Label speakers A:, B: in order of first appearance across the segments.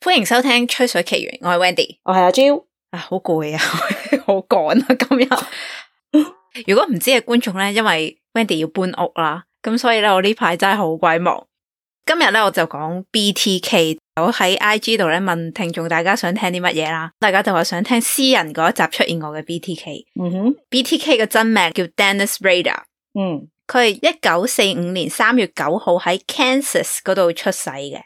A: 歡迎收聽《吹水奇緣》，我係 Wendy，我係阿蕉。o 啊、哎、好攰啊， 好趕啊今日。 如果唔知嘅觀眾咧，因為 Wendy 要搬屋啦，咁所以咧我呢排真係好鬼忙。今日咧我就講 BTK。我喺 IG 度咧問聽眾，大家想聽啲乜嘢啦，大家就話想聽私人嗰一集出現過嘅 BTK。嗯哼，BTK 嘅真名叫 Dennis Rader。嗯，佢係一九四五年三月九號喺 Kansas 嗰度出世嘅。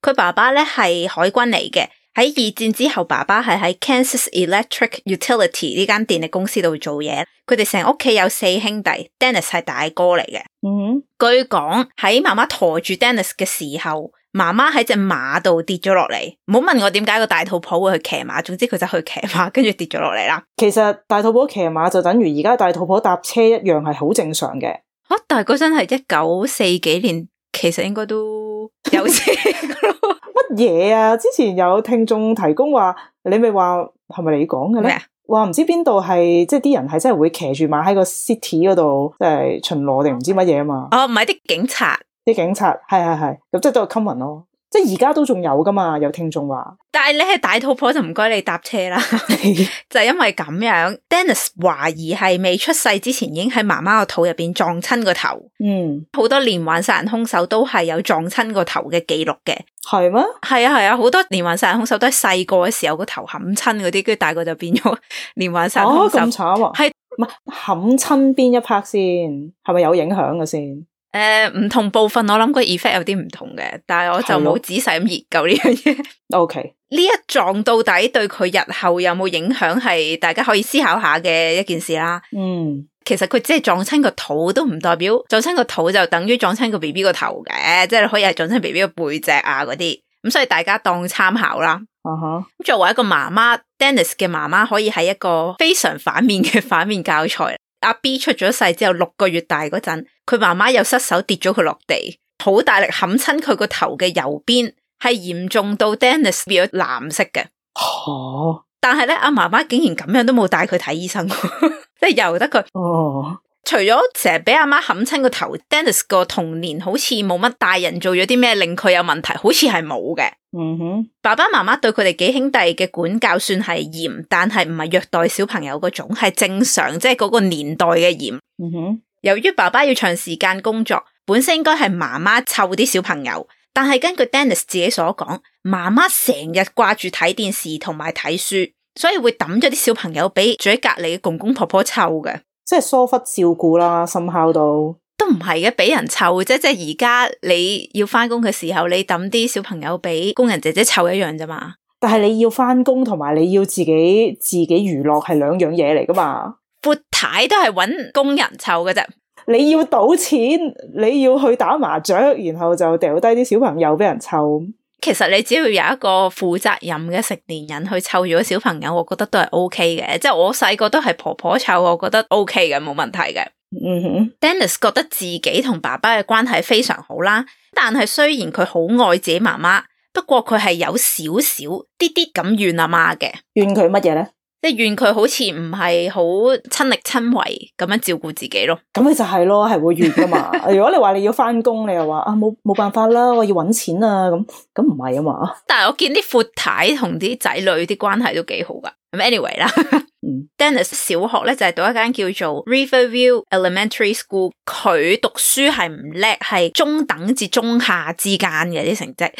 A: 佢爸爸咧係海軍嚟嘅。喺二戰之後，爸爸係喺 Kansas Electric Utility 呢間電力公司度做嘢。佢哋成屋企有四兄弟，Dennis 係大哥嚟嘅。嗯哼，據講喺媽媽馱住 Dennis 嘅時候，媽媽喺隻馬度跌咗落嚟。唔好問我點解個大肚婆會去騎馬，總之佢就去騎馬，跟住跌咗落嚟啦。其實大肚
B: 婆騎馬就等於而家大肚婆搭車一樣，係好正常嘅。吓、啊，但係嗰
A: 陣係一九四幾年，其實應該都。有事
B: 乜嘢啊？之前有聽眾提供話，你咪話係咪你講嘅咩？話唔麼知邊度係即係啲人係真係會騎住馬喺個 city 嗰度，即係巡邏定唔知乜嘢啊嘛？
A: 哦，唔係啲警察，
B: 啲警察係係係咁，即係都係 common 咯。即係而家都仲有
A: 噶嘛？有聽眾話，但係你係大肚婆就唔該你搭車啦。 就因為咁樣 ，Dennis 懷疑係未出世之前已經喺媽媽個肚入邊撞親個頭。嗯，好多連環殺人凶手都係有撞親個頭嘅記錄嘅。係咩嗎？係啊係啊，好、啊、多連環殺人凶手都係細個嘅時候個頭冚親嗰啲，跟住大個就變咗連環殺人凶手。咁慘係唔係
B: 冚親邊一拍先？係咪有影響嘅先？
A: 誒，唔、uh, 同部分我諗個 effect 有啲唔同嘅，但係我就冇仔細咁研究呢樣嘢。OK，呢一撞到底對佢日後有冇影響係，大家可以思考下嘅一件事啦。嗯，其實佢只係撞親個肚都唔代表撞親個肚就等於撞親個 BB 個頭嘅，即係可以係撞親 BB 個背脊啊嗰啲。咁所以大家當參考啦。咁、uh huh. 作為一個媽媽，Dennis 嘅媽媽可以係一個非常反面嘅反面教材。阿 B 出咗世之後六個月大嗰陣，佢媽媽又失手跌咗佢落地，好大力冚親佢個頭嘅右邊，係嚴重到 Dennis 變藍色嘅。
C: 哦！
A: 但係咧，阿媽媽竟然咁樣都冇帶佢睇醫生，即 係由得佢他。哦。除咗成日俾阿媽冚親個頭，Dennis 個童年好似冇乜大人做咗啲咩令佢有問題，好似係冇嘅。嗯哼，爸爸媽媽對佢哋幾兄弟嘅管教算係嚴，但係唔係虐待小朋友嗰種，係正常，即係嗰個年代嘅嚴。嗯
C: 哼，
A: 由於爸爸要長時間工作，本身應該係媽媽湊啲小朋友，但係根據 Dennis 自己所講，媽媽成日掛住睇電視同埋睇書，所以會抌咗啲小朋友俾住喺隔籬嘅公公婆婆湊嘅。
B: 即係疏忽照顧啦，深孝度
A: 都唔係嘅，俾人湊啫。即係而家你要翻工嘅時候，你抌啲小朋友俾工人姐姐湊一樣啫嘛。
B: 但係你要翻工同埋你要自己自己娛樂係兩樣嘢嚟噶嘛。
A: 闊太都係揾工人湊嘅啫。
B: 你要賭錢，你要去打麻雀，然後就掉低啲小朋友俾人湊。
A: 其實你只要有一個負責任嘅成年人去湊住小朋友，我覺得都係 OK 嘅。即係我細個都係婆婆湊，我覺得 OK 嘅，冇問題嘅。嗯哼，Dennis 覺得自己同爸爸嘅關係非常好啦，但係雖然佢好愛自己媽媽，不過佢係有少少啲啲咁怨阿媽嘅，怨佢乜嘢咧？即係怨佢好似唔係好親力親為咁樣照顧自己咯，
B: 咁咪就係咯，係會怨噶嘛。 如果你話你要翻工，你又話啊冇冇辦法啦，我要揾錢啊咁，咁唔係啊嘛。
A: 但係我見啲闊太同啲仔女啲關係都幾好噶。咁，anyway 啦 ，Dennis 小學咧就係、是、到一間叫做 River View Elementary School，佢讀書係唔叻，係中等至中下之間嘅啲成績。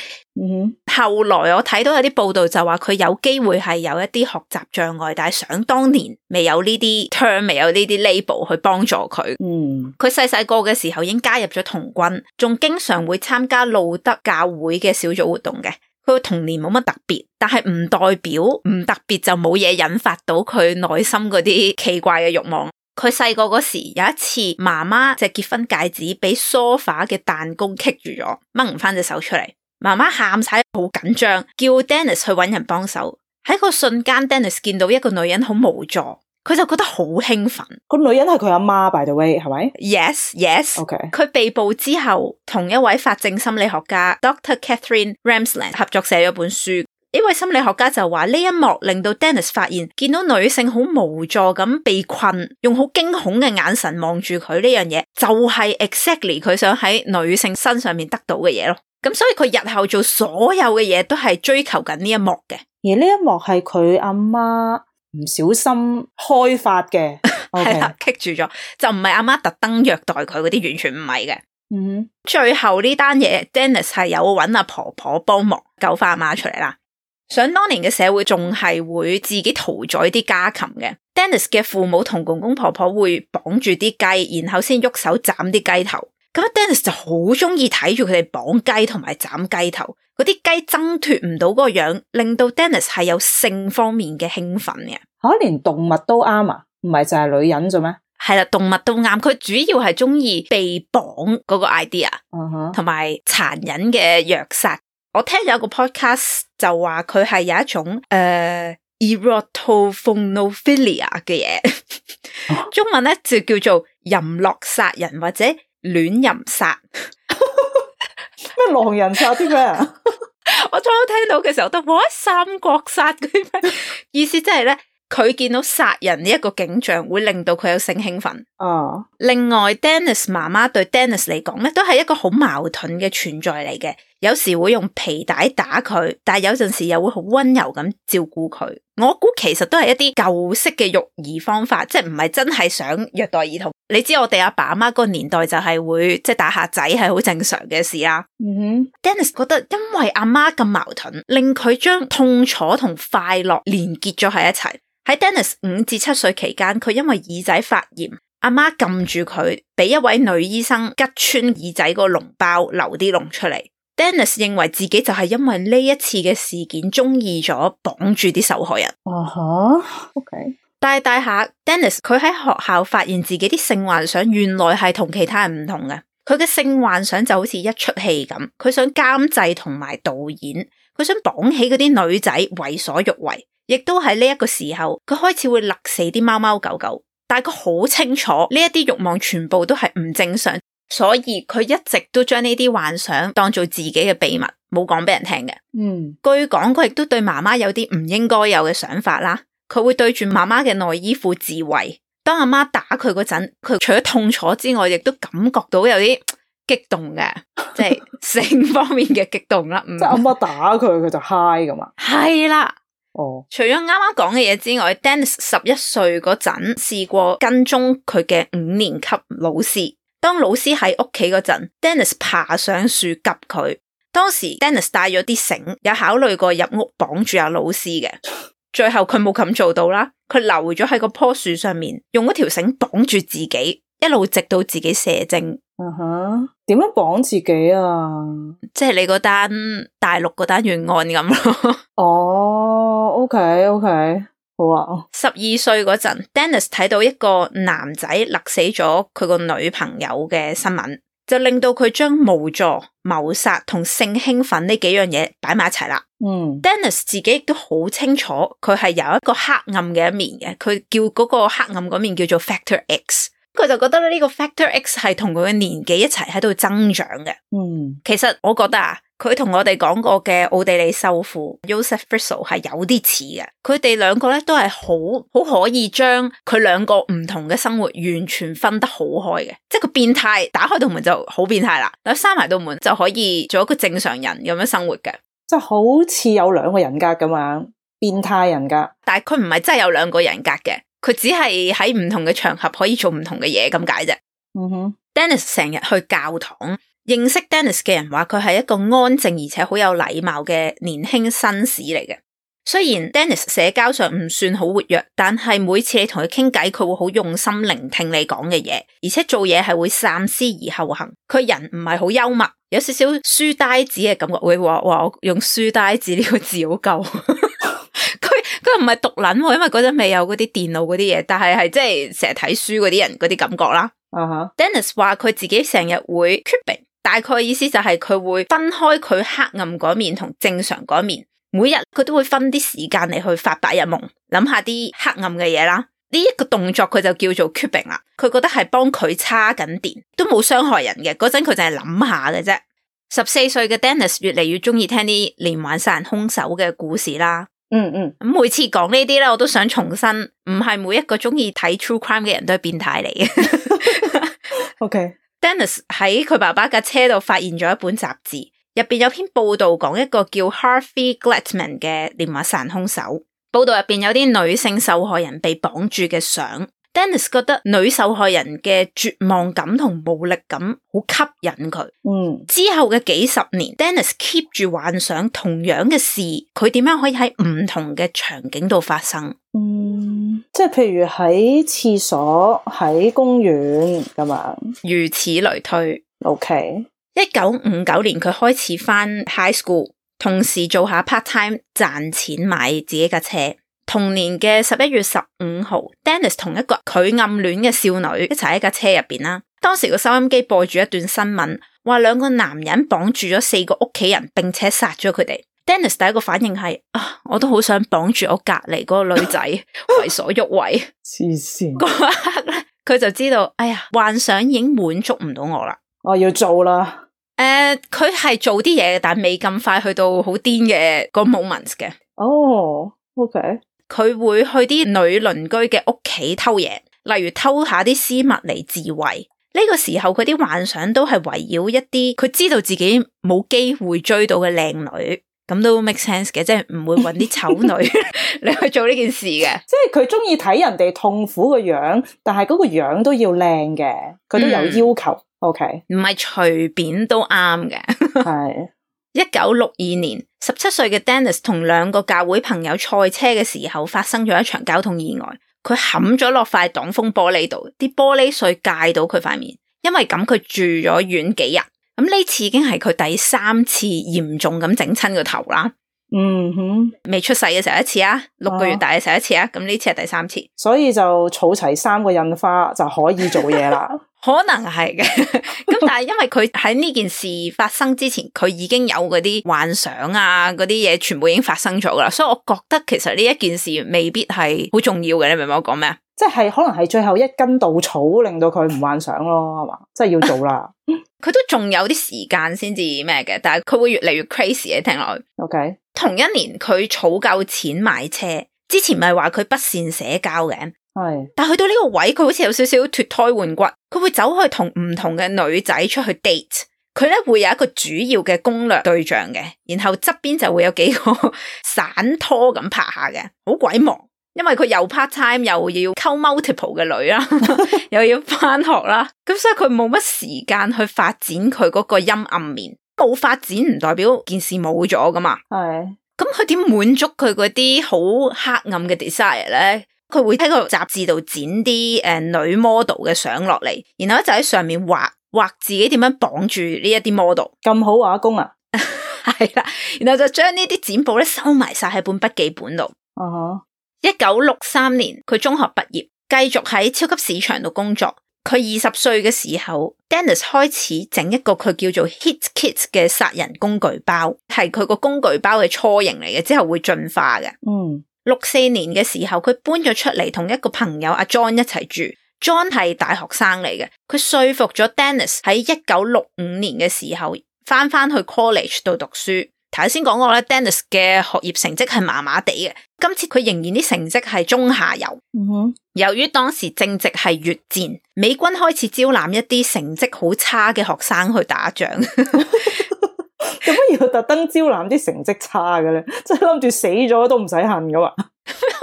A: 嗯， 後來我睇到有啲報道就話佢有機會係有一啲學習障礙，但係想當年未有呢啲 term，未有呢啲 label 去幫助佢。嗯，佢細細個嘅時候已經加入咗童軍，仲經常會參加路德教會嘅小組活動嘅。佢童年冇乜特別，但係唔代表唔特別就冇嘢引發到佢內心嗰啲奇怪嘅欲望。佢細個嗰時有一次，媽媽隻結婚戒指俾 sofa 嘅彈弓棘住咗，掹唔翻隻手出嚟。媽媽喊晒，好緊張，叫 Dennis 去搵人幫手。喺個瞬間，Dennis 見到一個女人好無助。佢就覺得好興奮。
B: 個女人係佢阿媽。By the way，係咪
A: ？Yes，Yes。Yes, yes. OK。佢被捕之後，同一位法證心理學家 Dr. Catherine Ramsland 合作寫咗本書。呢位心理學家就話呢一幕令到 Dennis 發現見到女性好無助咁被困，用好驚恐嘅眼神望住佢呢樣嘢，就係、是、exactly 佢想喺女性身上面得到嘅嘢咯。咁所以佢日後做所有嘅嘢都係追求緊呢一幕嘅。
B: 而呢一幕係佢阿媽。唔小心
A: 開發嘅，係啦 Okay，棘 住咗就唔係阿媽特登虐待佢嗰啲，完全唔係嘅。嗯、
C: mm，hmm.
A: 最後呢單嘢，Dennis 係有搵阿婆婆幫忙救翻阿媽出嚟啦。想當年嘅社會仲係會自己屠宰啲家禽嘅，Dennis 嘅父母同公公婆婆會綁住啲雞，然後先喐手斬啲雞頭。咁 Dennis 就好中意睇住佢哋綁雞同埋斬雞頭，嗰啲雞掙脫唔到嗰個樣，令到 Dennis 係有性方面嘅興奮嘅。吓，連動物都啱啊？唔係就係女人做咩？係啦，動物都啱。佢主要係中意被綁嗰個 idea，同埋殘忍嘅虐殺。我聽咗個 podcast 就話佢係有一種誒 erotophonophilia 嘅嘢，uh, er、oph oph 中文咧就叫做淫樂殺人或者。亂淫殺咩 狼人殺啲咩？ 我初初聽到嘅時候都哇三國殺啲咩意思、就是？即係咧佢見到殺人呢一個景象會令到佢有性興奮。哦，另外 Dennis 媽媽對 Dennis 嚟講咧都係一個好矛盾嘅存在嚟嘅。有時會用皮帶打佢，但有陣時又會好溫柔咁照顧佢。我估其實都係一啲舊式嘅育兒方法，即係唔係真係想虐待兒童。你知道我哋阿爸阿媽個年代就係會即打下仔係好正常嘅事啦、啊。嗯哼，Dennis 覺得因為阿媽咁矛盾，令佢將痛楚同快樂連結咗喺一齊。喺 Dennis 五至七歲期間，佢因為耳仔發炎，阿媽撳住佢，俾一位女醫生吉穿耳仔個膿包，流啲膿出嚟。Dennis 認為自己就係因為呢一次嘅事件中意咗綁住啲受害人。
C: 哇哈，OK。Uh-huh. Okay.
A: 但係大大下，Dennis 佢喺學校發現自己啲性幻想原來係同其他人唔同嘅。佢嘅性幻想就好似一出戲咁，佢想監製同埋導演，佢想綁起嗰啲女仔為所欲為。亦都喺呢一個時候，佢開始會勒死啲貓貓狗狗。但係佢好清楚呢一啲欲望全部都係唔正常。所以佢一直都將呢啲幻想當做自己嘅秘密，冇講俾人聽嘅。嗯，據講佢亦都對媽媽有啲唔應該有嘅想法啦。佢會對住媽媽嘅內衣褲自慰，當阿媽打佢嗰陣，佢除咗痛楚之外，亦都感覺到有啲激動嘅，即係性方面嘅激動啦。即係阿媽打佢，佢就嗨㗎嘛？係啦。哦。除咗啱啱講嘅嘢之外，Dennis 十一歲嗰陣試過跟蹤佢嘅五年級老師。當老師喺屋企嗰陣，Dennis 爬上樹夾佢。當時 Dennis 帶咗啲繩，有考慮過入屋綁住阿老師嘅。最後佢冇咁做到啦，佢留咗喺個棵樹上面，用嗰條繩，繩綁住自己，一路直，直到自己射精。嗯哼、uh，點、huh，樣綁自己啊？即係你嗰單大陸嗰單冤案咁咯？哦、 oh，OK OK。十二歲嗰陣，Dennis 睇到一個男仔勒死咗佢個女朋友嘅新聞，就令到佢將無助、謀殺同性興奮呢幾樣嘢擺埋一齊啦。嗯，Dennis 自己亦都好清楚，佢係有一個黑暗嘅一面嘅。佢叫嗰個黑暗嗰面叫做 Factor X，佢就覺得呢個 Factor X 係同佢嘅年紀一齊喺度增長嘅。嗯，其實我覺得啊。佢同我哋講過嘅奧地利修父 Josef Brussel 係有啲似嘅，佢哋兩個咧都係好好可以將佢兩個唔同嘅生活完全分得好開嘅，即係個變態打開道門就好變態啦，但係閂埋道門就可以做一個正常人咁樣生活嘅，
B: 即係好似
A: 有兩個人格咁啊，變態人格。但係佢唔係真係有兩個人格嘅，佢只係喺唔同嘅場合可以做唔同嘅嘢咁解啫。
C: 嗯
A: 哼，Dennis 成日去教堂。認識 Dennis 嘅人話佢係一個安靜而且好有禮貌嘅年輕紳士嚟嘅。雖然 Dennis 社交上唔算好活躍，但係每次你同佢傾偈，佢會好用心聆聽你講嘅嘢，而且做嘢係會三思而後行。佢人唔係好幽默，有少少書呆子嘅感覺。會話話我用書呆子呢個字好夠。佢佢又唔係毒撚，因為嗰陣未有嗰啲電腦嗰啲嘢，但係係即係成日睇書嗰啲人嗰啲感覺啦。Dennis 話佢、uh huh. 自己成日會大概意思就係佢會分開佢黑暗嗰面，同正常嗰面。每日佢都會分啲時間嚟，去發白日夢，諗下啲黑暗嘅嘢啦。呢、這、一個動作佢就叫做 cubing b 啦，佢覺得係幫佢叉緊電，都冇傷害人嘅。嗰陣佢就係諗下嘅啫。十四歲嘅 Dennis 越嚟越中意聽啲連環殺人兇手嘅故事啦。嗯嗯，咁、嗯、每次講呢啲咧，我都想重申，唔係每一個中意睇 true crime 嘅人都係變態嚟嘅。O K。Dennis 喺佢爸爸架車度發現咗一本雜誌，入邊有篇報道講一個叫 Harvey Glatman 嘅連環殺人兇手。報道入邊有啲女性受害人被綁住嘅相。Dennis 覺得女受害人嘅絕望感同無力感好吸引佢。嗯，之後嘅幾十年，Dennis keep 住幻想同樣嘅事，佢點樣可以喺唔同嘅場景度發生。嗯。
B: 即係譬如喺廁所、喺公園咁樣，如此類推。OK，一
A: 九五九年佢開始返 high school，同時做下 part time 賺錢買自己架車。同年嘅十一月十五號，Dennis 同一個佢暗戀嘅少女一齊喺架車入邊啦。當時個收音機播住一段新聞，話兩個男人綁住咗四個屋企人，並且殺咗佢哋。Dennis 第一個反應係啊，我都好想綁住我隔籬嗰個女仔 為所欲為。
C: 黐線！嗰一
A: 刻，佢就知道，哎呀，幻想已經滿足唔到我啦，我要做啦。誒，佢係做啲嘢，但未咁快去到好癲嘅個 moment 嘅。哦、oh，OK，佢會去啲女鄰居嘅屋企偷嘢，例如偷一下啲私物嚟自慰。呢、這個時候佢啲幻想都係圍繞一啲，佢知道自己冇機會追到嘅靚女。咁都 make sense 嘅，即係唔會揾啲醜女嚟 去做呢件事嘅。即係佢中意睇人哋痛苦嘅樣，但係嗰個樣都要靚嘅，佢都有要求。OK，唔係隨便都啱嘅。係一九六二年，十七歲嘅 Dennis 同兩個教會朋友賽車嘅時候，發生咗一場交通意外，佢冚咗落塊擋風玻璃度，啲玻璃碎介到佢塊面，因為咁佢住咗院幾日。咁呢次已經係佢第三次嚴重咁整親個頭啦。嗯哼，未出世嘅時候一次啊，六個月大嘅時候一次啊，咁呢次係第三次。所以就儲齊三個印花就可以做嘢啦。 可能係是嘅。咁 但係因為佢喺呢件事發生之前，佢 已經有嗰啲幻想啊，嗰啲嘢全部已經發生咗噶啦。所以我覺得其實呢一件事未必係好重要嘅。你明唔明我講咩？
B: 即係可能係最後一根稻草令到佢唔幻想咯，係嘛？即係要做啦。
A: 佢都仲有啲時間先至咩嘅，但係佢會越嚟越 crazy 嘅，聽落去。OK，同一年佢儲夠錢買車，之前咪話佢不善社交嘅，係，Yes. 但係去到呢個位，佢好似有少少脫胎換骨，佢會走去同唔同嘅女仔出去 date，佢咧會有一個主要嘅攻略對象嘅，然後側邊就會有幾個 散拖咁拍下嘅，好鬼忙。因為佢又 part time，又要溝 multiple 嘅女啦， 又要返學啦，咁 所以佢冇乜時間去發展佢嗰個陰暗面，冇發展唔代表件事冇咗㗎嘛。係，咁佢點滿足佢嗰啲好黑暗嘅 desire 咧？佢會喺個雜誌度剪啲誒女 model 嘅相落嚟，然後就喺上面畫畫自己點樣綁住呢一啲 model。咁好畫工啊！係啦， 然後就將呢啲剪報咧收埋晒喺本筆記本度。哦。 一九六三年，佢中學畢業，繼續喺超級市場度工作。佢二十歲嘅時候，Dennis, Dennis 開始整一個佢叫做 Hit Kit 嘅殺人工具包，係佢個工具包嘅初型嚟嘅，之後會進化嘅。嗯，六四年嘅時候，佢搬咗出嚟，同一個朋友阿 John 一齊住。John 係大學生嚟嘅，佢說服咗 Dennis 喺一九六五年嘅時候返返去 College 度讀書。頭先講過咧，Dennis 嘅學業成績係麻麻地嘅。今次佢仍然啲成績係中下游。Mm hmm. 由於當時正值係越戰，美軍開始招攬一啲成績好差嘅學生去打仗。
B: 咁 要 特登招攬啲成績差嘅咧， 即係諗住死咗都唔使恨噶嘛？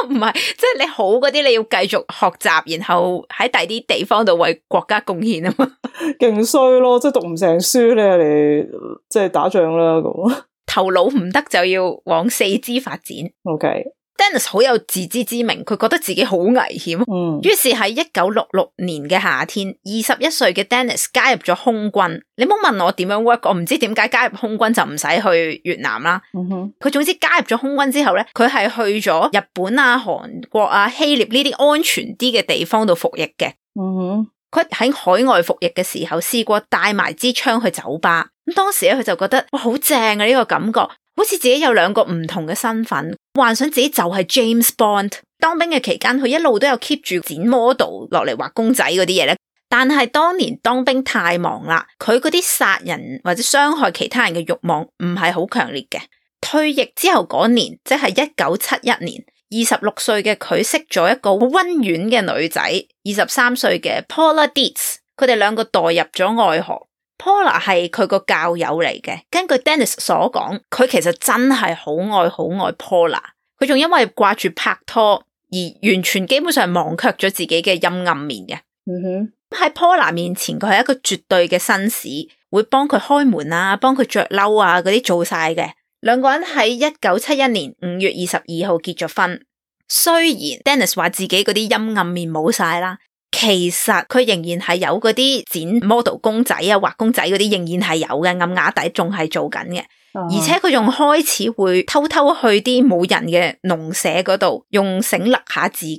A: 唔係，即係你好嗰啲，你要繼續學習，然後喺第啲地方度為國家貢獻啊嘛。
B: 勁衰咯，即係讀唔
A: 成書呢你嚟，即係打仗啦咁。那個、 頭腦唔得就要往四肢發展。O K。Dennis 好有自知之明，佢覺得自己好危險。嗯，於是喺一九六六年嘅夏天，二十一歲嘅 Dennis 加入咗空軍。你唔好問我點樣 work，我唔知點解加入空軍就唔使去越南啦。佢、嗯、哼總之加入咗空軍之後咧，佢係去咗日本啊、韓國啊、希臘呢啲安全啲嘅地方度服役嘅。佢喺、嗯、哼海外服役嘅時候，試過帶埋支槍去酒吧。咁當時咧，佢就覺得哇，好正啊，呢呢個感覺。好似自己有兩個唔同嘅身份，幻想自己就係 James Bond。當兵嘅期間，佢一路都有 keep 住剪 model 落嚟畫公仔嗰啲嘢。但係當年當兵太忙啦，佢嗰啲殺人或者傷害其他人嘅欲望唔係好強烈嘅。退役之後嗰年，即係一九七一年，二十六歲嘅佢識咗一個好溫婉嘅女仔，二十三歲嘅 Paula Dietz，佢哋兩個墮入咗愛河。Paula 係佢個教友嚟嘅，根據 Dennis 所講，佢其實真係好愛好愛 Paula，佢仲因為掛住拍拖而完全基本上忘卻咗自己嘅陰暗面嘅。嗯哼、mm，喺、hmm. Paula 面前，佢係一個絕對嘅紳士，會幫佢開門啊，幫佢着褸啊，嗰啲做晒嘅。兩個人喺一九七一年五月二十二號結咗婚，雖然 Dennis 話自己嗰啲陰暗面冇晒啦。其實佢仍然係有嗰啲剪 model 公仔啊、畫公仔嗰啲仍然係有嘅，暗啞底仲係做緊嘅，oh. 而且佢仲開始會偷偷去啲冇人嘅農舍嗰度用繩勒下自己，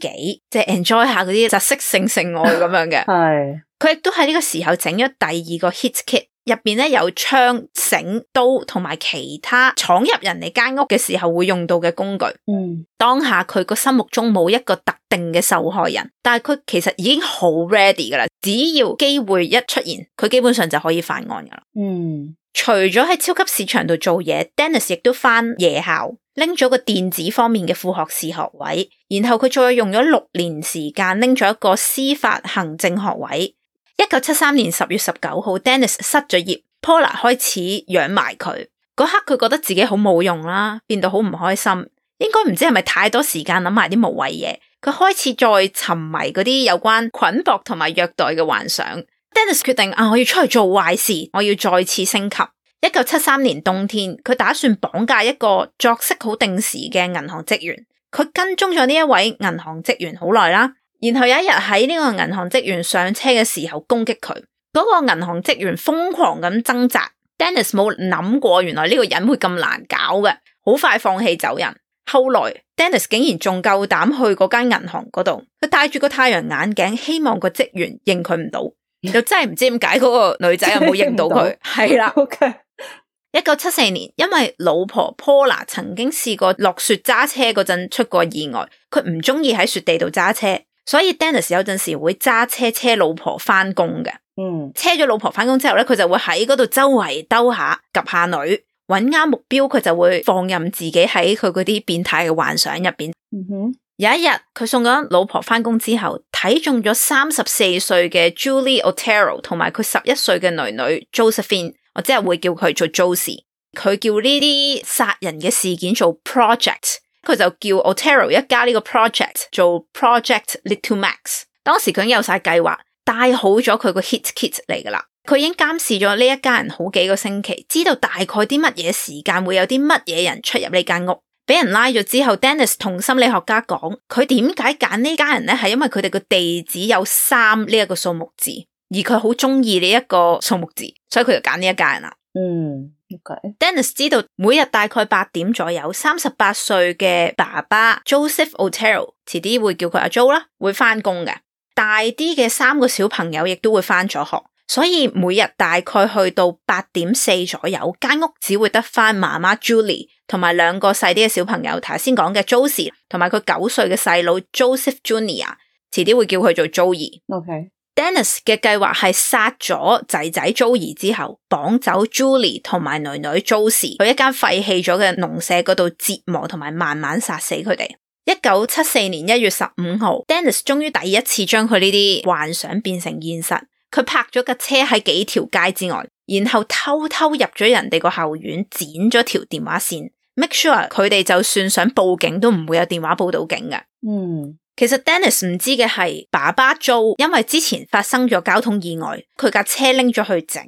A: 即係 enjoy 下嗰啲窒息性性愛咁樣嘅。係佢亦都喺呢個時候整咗第二個 hit kit。入邊咧有槍、繩、刀同埋其他闖入人哋間屋嘅時候會用到嘅工具。嗯，當下佢個心目中冇一個特定嘅受害人，但係佢其實已經好 ready 噶啦，只要機會一出現，佢基本上就可以犯案噶啦。嗯，除咗喺超級市場度做嘢，Dennis 亦都返夜校，拎咗個電子方面嘅副學士學位，然後佢仲有用咗六年時間拎咗一個司法行政學位。一九七三年十月十九號，Dennis 失咗業了，Paula 開始養埋佢。嗰刻佢覺得自己好冇用啦，變到好唔開心。應該唔知係咪太多時間諗埋啲無謂嘢，佢開始再沉迷嗰啲有關捆綁同埋虐待嘅幻想。Dennis 決定啊，我要出去做壞事，我要再次升級。一九七三年冬天，佢打算綁架一個作息好定時嘅銀行職員。佢跟蹤咗呢一位銀行職員好耐啦。然後有一日喺呢個銀行職員上車嘅時候攻擊佢，嗰、嗰個銀行職員瘋狂咁掙扎。Dennis 冇諗過原來呢個人會咁難搞嘅，好快放棄走人。後來 Dennis 竟然仲夠膽去嗰間銀行嗰度，佢戴住個太陽眼鏡，希望個職員認佢唔到。然後 真係唔知點解嗰個女仔有冇認到佢。係啦 OK，一九七四年，因為老婆 Paula 曾經試過落雪揸車嗰陣出過意外，佢唔中意喺雪地度揸車。所以 Dennis 有陣時會揸車車老婆翻工嘅，嗯，車咗老婆翻工之後咧，佢就會喺嗰度周圍兜下、及下女，揾啱目標佢就會放任自己喺佢嗰啲變態嘅幻想入邊。嗯哼，有一日佢送咗老婆翻工之後，睇中咗三十四歲嘅 Julie Otero 同埋佢十一歲嘅女女 Josephine，我即係會叫佢做 Josie。佢叫呢啲殺人嘅事件做 Project。佢就叫 Otero 一家呢個 project 做 project Little Max。當時佢已經有晒計劃，帶好咗佢個 hit kit 嚟噶啦。佢已經監視咗呢一家人好幾個星期，知道大概啲乜嘢時間會有啲乜嘢人出入呢間屋。俾人拉咗之後，Dennis 同心理學家講，佢點解揀呢家人咧？係因為佢哋個地址有三呢一個數目字，而佢好中意呢一個數目字，所以佢就揀呢一家人啦。嗯。Okay. Dennis 知道每日大概八點左右，三十八歲嘅爸爸 Joseph Otero，遲啲會叫佢阿 Joe 啦，會翻工嘅。大啲嘅三個小朋友亦都會翻咗學，所以每日大概去到八點四左右，間屋只會得翻媽媽 Julie 同埋兩個細啲嘅小朋友，頭先講嘅 Josie 同埋佢九歲嘅細佬 Joseph Junior 遲啲會叫佢做 Joey。Okay. Dennis 嘅計劃係殺咗仔仔 Joey 之後，綁走 Julie 同埋女女 Joyce 去一間廢棄咗嘅農舍嗰度折磨同埋慢慢殺死佢哋。一九七四年一月十五號，Dennis 終於第一次將佢呢啲幻想變成現實。佢泊咗架車喺幾條街之外，然後偷偷入咗人哋個後院，剪咗條電話線，make sure 佢哋就算想報警都唔會有電話報到警嘅。嗯。其實 Dennis 唔知嘅係爸爸 Joe，因為之前發生咗交通意外，佢架車拎咗去整。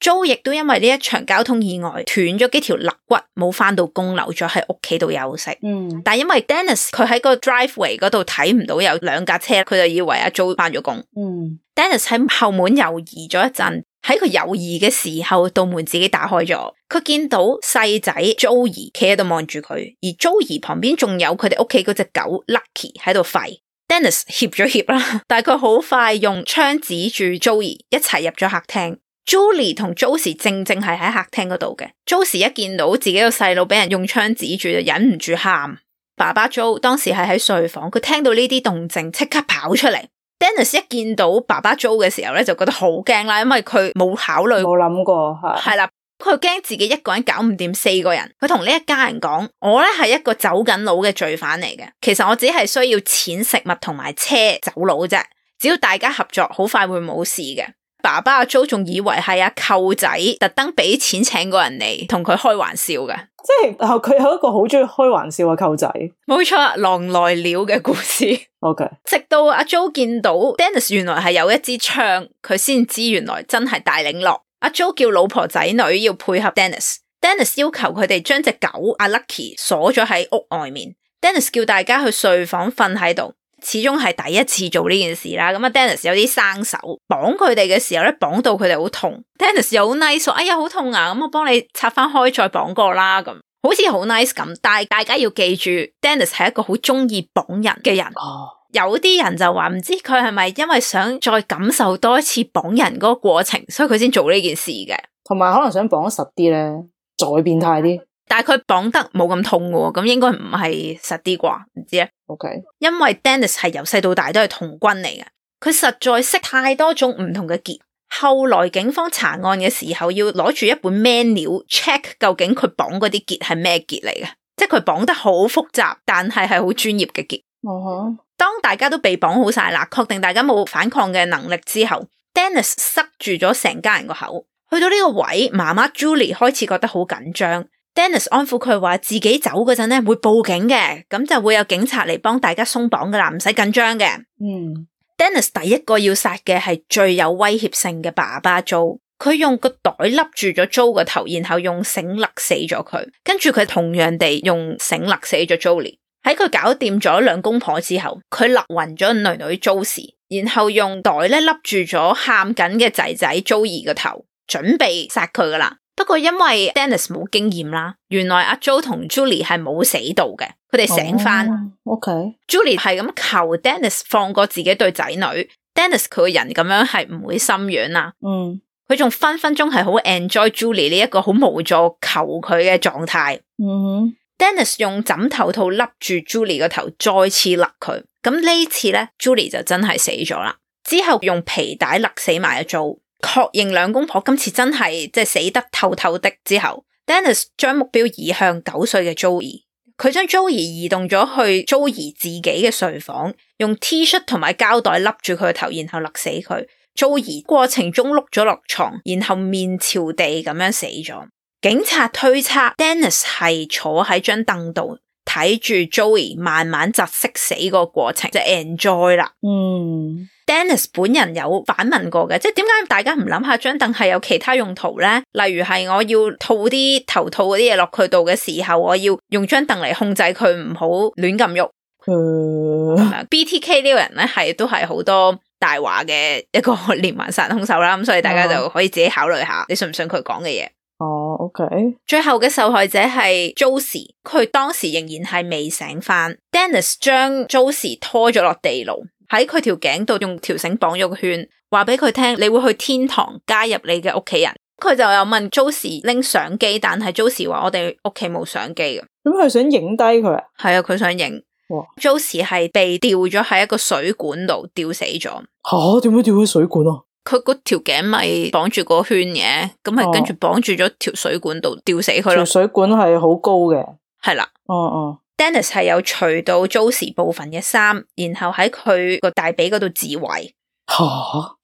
A: Joe 亦都因為呢一場交通意外斷咗幾條肋骨，冇翻到工留，留咗喺屋企度休息。嗯，但係因為 Dennis 佢喺個 driveway 嗰度睇唔到有兩架車，佢就以為阿 Joe 翻咗工。
C: 嗯
A: ，Dennis 喺後門猶豫咗一陣。喺佢猶豫嘅時候，道門自己打開咗。佢見到細仔 Joey 企喺度望住佢，而 Joey 旁邊仲有佢哋屋企嗰隻狗 Lucky 喺度吠。Dennis 掀咗掀啦，但係佢好快用槍指住 Joey，一齊入咗客廳。Julie j o e 同 Joey 正正係喺客廳嗰度嘅。Joey 一見到自己個細路俾人用槍指住，就忍唔住喊。爸爸 Joe 當時係喺睡房，佢聽到呢啲動靜，即刻跑出嚟。Dennis 一見到爸爸 Joe 嘅時候咧，就覺得好驚啦，因為佢冇考慮，冇諗過係啦，佢驚自己一個人搞唔掂四個人。佢同呢一家人講：我咧係一個走緊佬嘅罪犯嚟嘅，其實我只係需要錢、食物同埋車走佬啫。只要大家合作，好快會冇事嘅。爸爸阿、啊、Jo 仲以為係阿舅仔特登俾錢請個人嚟同佢開玩笑嘅，
B: 即係佢係一個好中意開玩笑嘅舅仔，
A: 冇錯、啊，狼來了嘅故事。O.K. 直到阿、啊、Jo 見到 Dennis 原來係有一支槍，佢先知原來真係大領落。阿、啊、Jo 叫老婆仔女要配合 Dennis，Dennis 要求佢哋將隻狗阿 Lucky 鎖咗喺屋外面，Dennis 叫大家去睡房瞓喺度。始終係第一次做呢件事啦，咁、嗯、啊，Dennis 有啲生手綁佢哋嘅時候咧，綁到佢哋好痛。Dennis 又好 nice，說哎呀好痛啊，咁、嗯、我幫你拆翻開再綁過啦，咁、嗯、好似好 nice 咁。但係大家要記住，Dennis 係一個好中意綁人嘅人。哦，有啲人就話唔知佢係咪因為想再感受多一次綁人嗰個過程，所以佢先做呢件事嘅。同埋可能
B: 想綁實啲咧，再變態啲。但佢
A: 綁得冇咁痛嘅，咁應該唔係實啲啩？唔知咧。OK，因為 Dennis 係由細到大都係童軍嚟嘅，佢實在識太多種唔同嘅結。後來警方查案嘅時候，要攞住一本 manual check 究竟佢綁嗰啲結係咩結嚟嘅，即係佢綁得好複雜，但係係好專業嘅結。嗯、uh huh. 當大家都被綁好晒啦，確定大家冇反抗嘅能力之後、uh huh.，Dennis 塞住咗成家人個口。去到呢個位，媽媽 Julie 開始覺得好緊張。Dennis 安撫佢話自己走嗰陣咧會報警嘅，咁就會有警察嚟幫大家鬆綁噶啦，唔使緊張嘅。嗯，Dennis 第一個要殺嘅係最有威脅性嘅爸爸 Joe，佢用個袋笠住咗 Joe 個頭，然後用繩勒死咗佢，跟住佢同樣地用繩勒死咗 Julie。喺佢搞掂咗兩公婆之後，佢勒暈咗女女 Josie，然後用袋咧笠住咗喊緊嘅仔仔 Joey 個頭，準備殺佢噶啦。不過因為 Dennis 冇經驗啦，原來阿 Joe 同 Jul、oh, okay. Julie 係冇死到嘅，佢哋醒翻。OK，Julie 係咁求 Dennis 放過自己對仔女 ，Dennis 佢個人咁樣係唔會心軟啊。嗯，佢仲分分鐘係好 enjoy Julie 呢一個好無助求佢嘅狀態。嗯、mm hmm.，Dennis 用枕頭套笠住 Julie 個頭，再次笠佢。咁呢次咧，Julie 就真係死咗啦。之後用皮帶勒死埋阿 Joe。確認兩公婆今次真係即係死得透透的之後，Dennis 將目標移向九歲嘅 Joey，佢將 Joey 移動咗去 Joey 自己嘅睡房，用 T-shirt 同埋膠袋笠住佢嘅頭，然後勒死佢。Joey 過程中碌咗落床，然後面朝地咁樣死咗。警察推測 Dennis 係坐喺張凳度睇住 Joey 慢慢窒息死個過程，就 enjoy 啦。嗯。Dennis 本人有反問過嘅，即係點解大家唔諗下張凳係有其他用途咧？例如係我要套啲頭套嗰啲嘢落佢度嘅時候，我要用張凳嚟控制佢唔好亂咁喐。嗯、BTK 呢個人咧係都係好多大話嘅一個連環殺人凶手啦，咁所以大家就可以自己考慮下，你信唔信佢講嘅嘢？
C: 哦、嗯、，OK。
A: 最後嘅受害者係 Josie 佢當時仍然係未醒翻，Dennis 將 Josie 拖咗落地牢。喺佢條頸度用條繩綁咗個圈，話俾佢聽你會去天堂加入你嘅屋企人。佢就有問 Josie 拎相機，但係 Josie 話我哋屋企冇相機嘅。咁佢想影低佢啊？係啊，佢想影。哇，Josie 係被吊咗喺一個水管度吊死咗。
B: 吓、啊？點解吊起水管啊？
A: 佢嗰條頸咪綁住個圈嘅，咁咪跟住綁住咗條水管度吊死佢咯。條、哦、水管係好高嘅。係啦。哦哦。哦 Dennis 係有除到 Josie 部分嘅衫，然後喺佢個大髀嗰度自慰。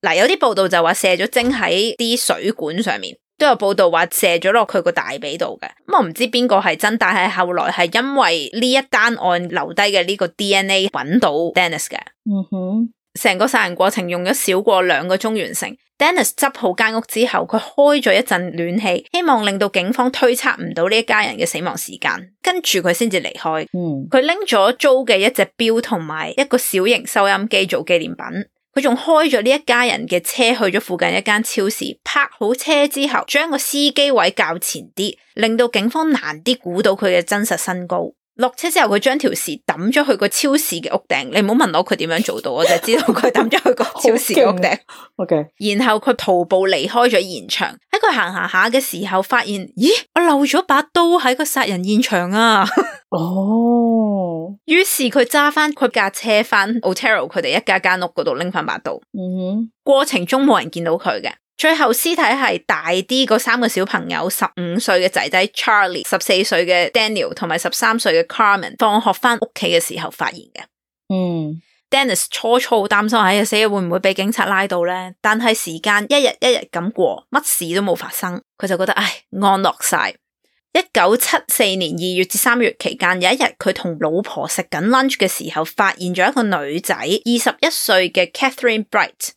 A: 嗱、啊、有啲報道就話射咗精喺啲水管上面，都有報道話射咗落佢個大髀度嘅。咁我唔知邊個係真，但係後來係因為呢一單案留低嘅呢個 DNA 搵到 Dennis 嘅。嗯
C: 哼，
A: 成個殺人過程用咗少過兩個鐘完成。Dennis 執好間屋之後，佢開咗一陣暖氣，希望令到警方推測唔到呢一家人嘅死亡時間。跟住佢先至離開。嗯，佢拎咗租嘅一隻表同埋一個小型收音機做紀念品。佢仲開咗呢一家人嘅車去咗附近一間超市，泊好車之後，將個司機位較前啲，令到警方難啲估到佢嘅真實身高。落車之後，佢將條匙抌咗去個超市嘅屋頂。你唔好問我佢點樣做到，我就知道佢抌咗去個超市嘅屋頂。 o、okay. K，然後佢徒步離開咗現場。喺佢行行下嘅時候，發現咦，我漏咗把刀喺個殺人現場啊！哦，於是佢揸翻佢架車翻 Otero 佢哋一家間屋嗰度拎翻把刀。嗯
C: 哼、mm，hmm.
A: 過程中冇人見到佢嘅。最後屍體係大啲嗰三個小朋友，十五歲嘅仔仔 Charlie，十四歲嘅 Daniel，同埋十三歲嘅 Carmen 放學翻屋企嘅時候發現嘅。
C: 嗯
A: ，Dennis 初初好擔心喺度、哎、死嘢會唔會俾警察拉到呢？但係時間一日一日咁過，乜事都冇發生，佢就覺得唉，安樂晒。一九七四年二月至三月期間，有一日佢同老婆食緊 lunch 嘅時候，發現咗一個女仔，二十一歲嘅 Catherine Bright。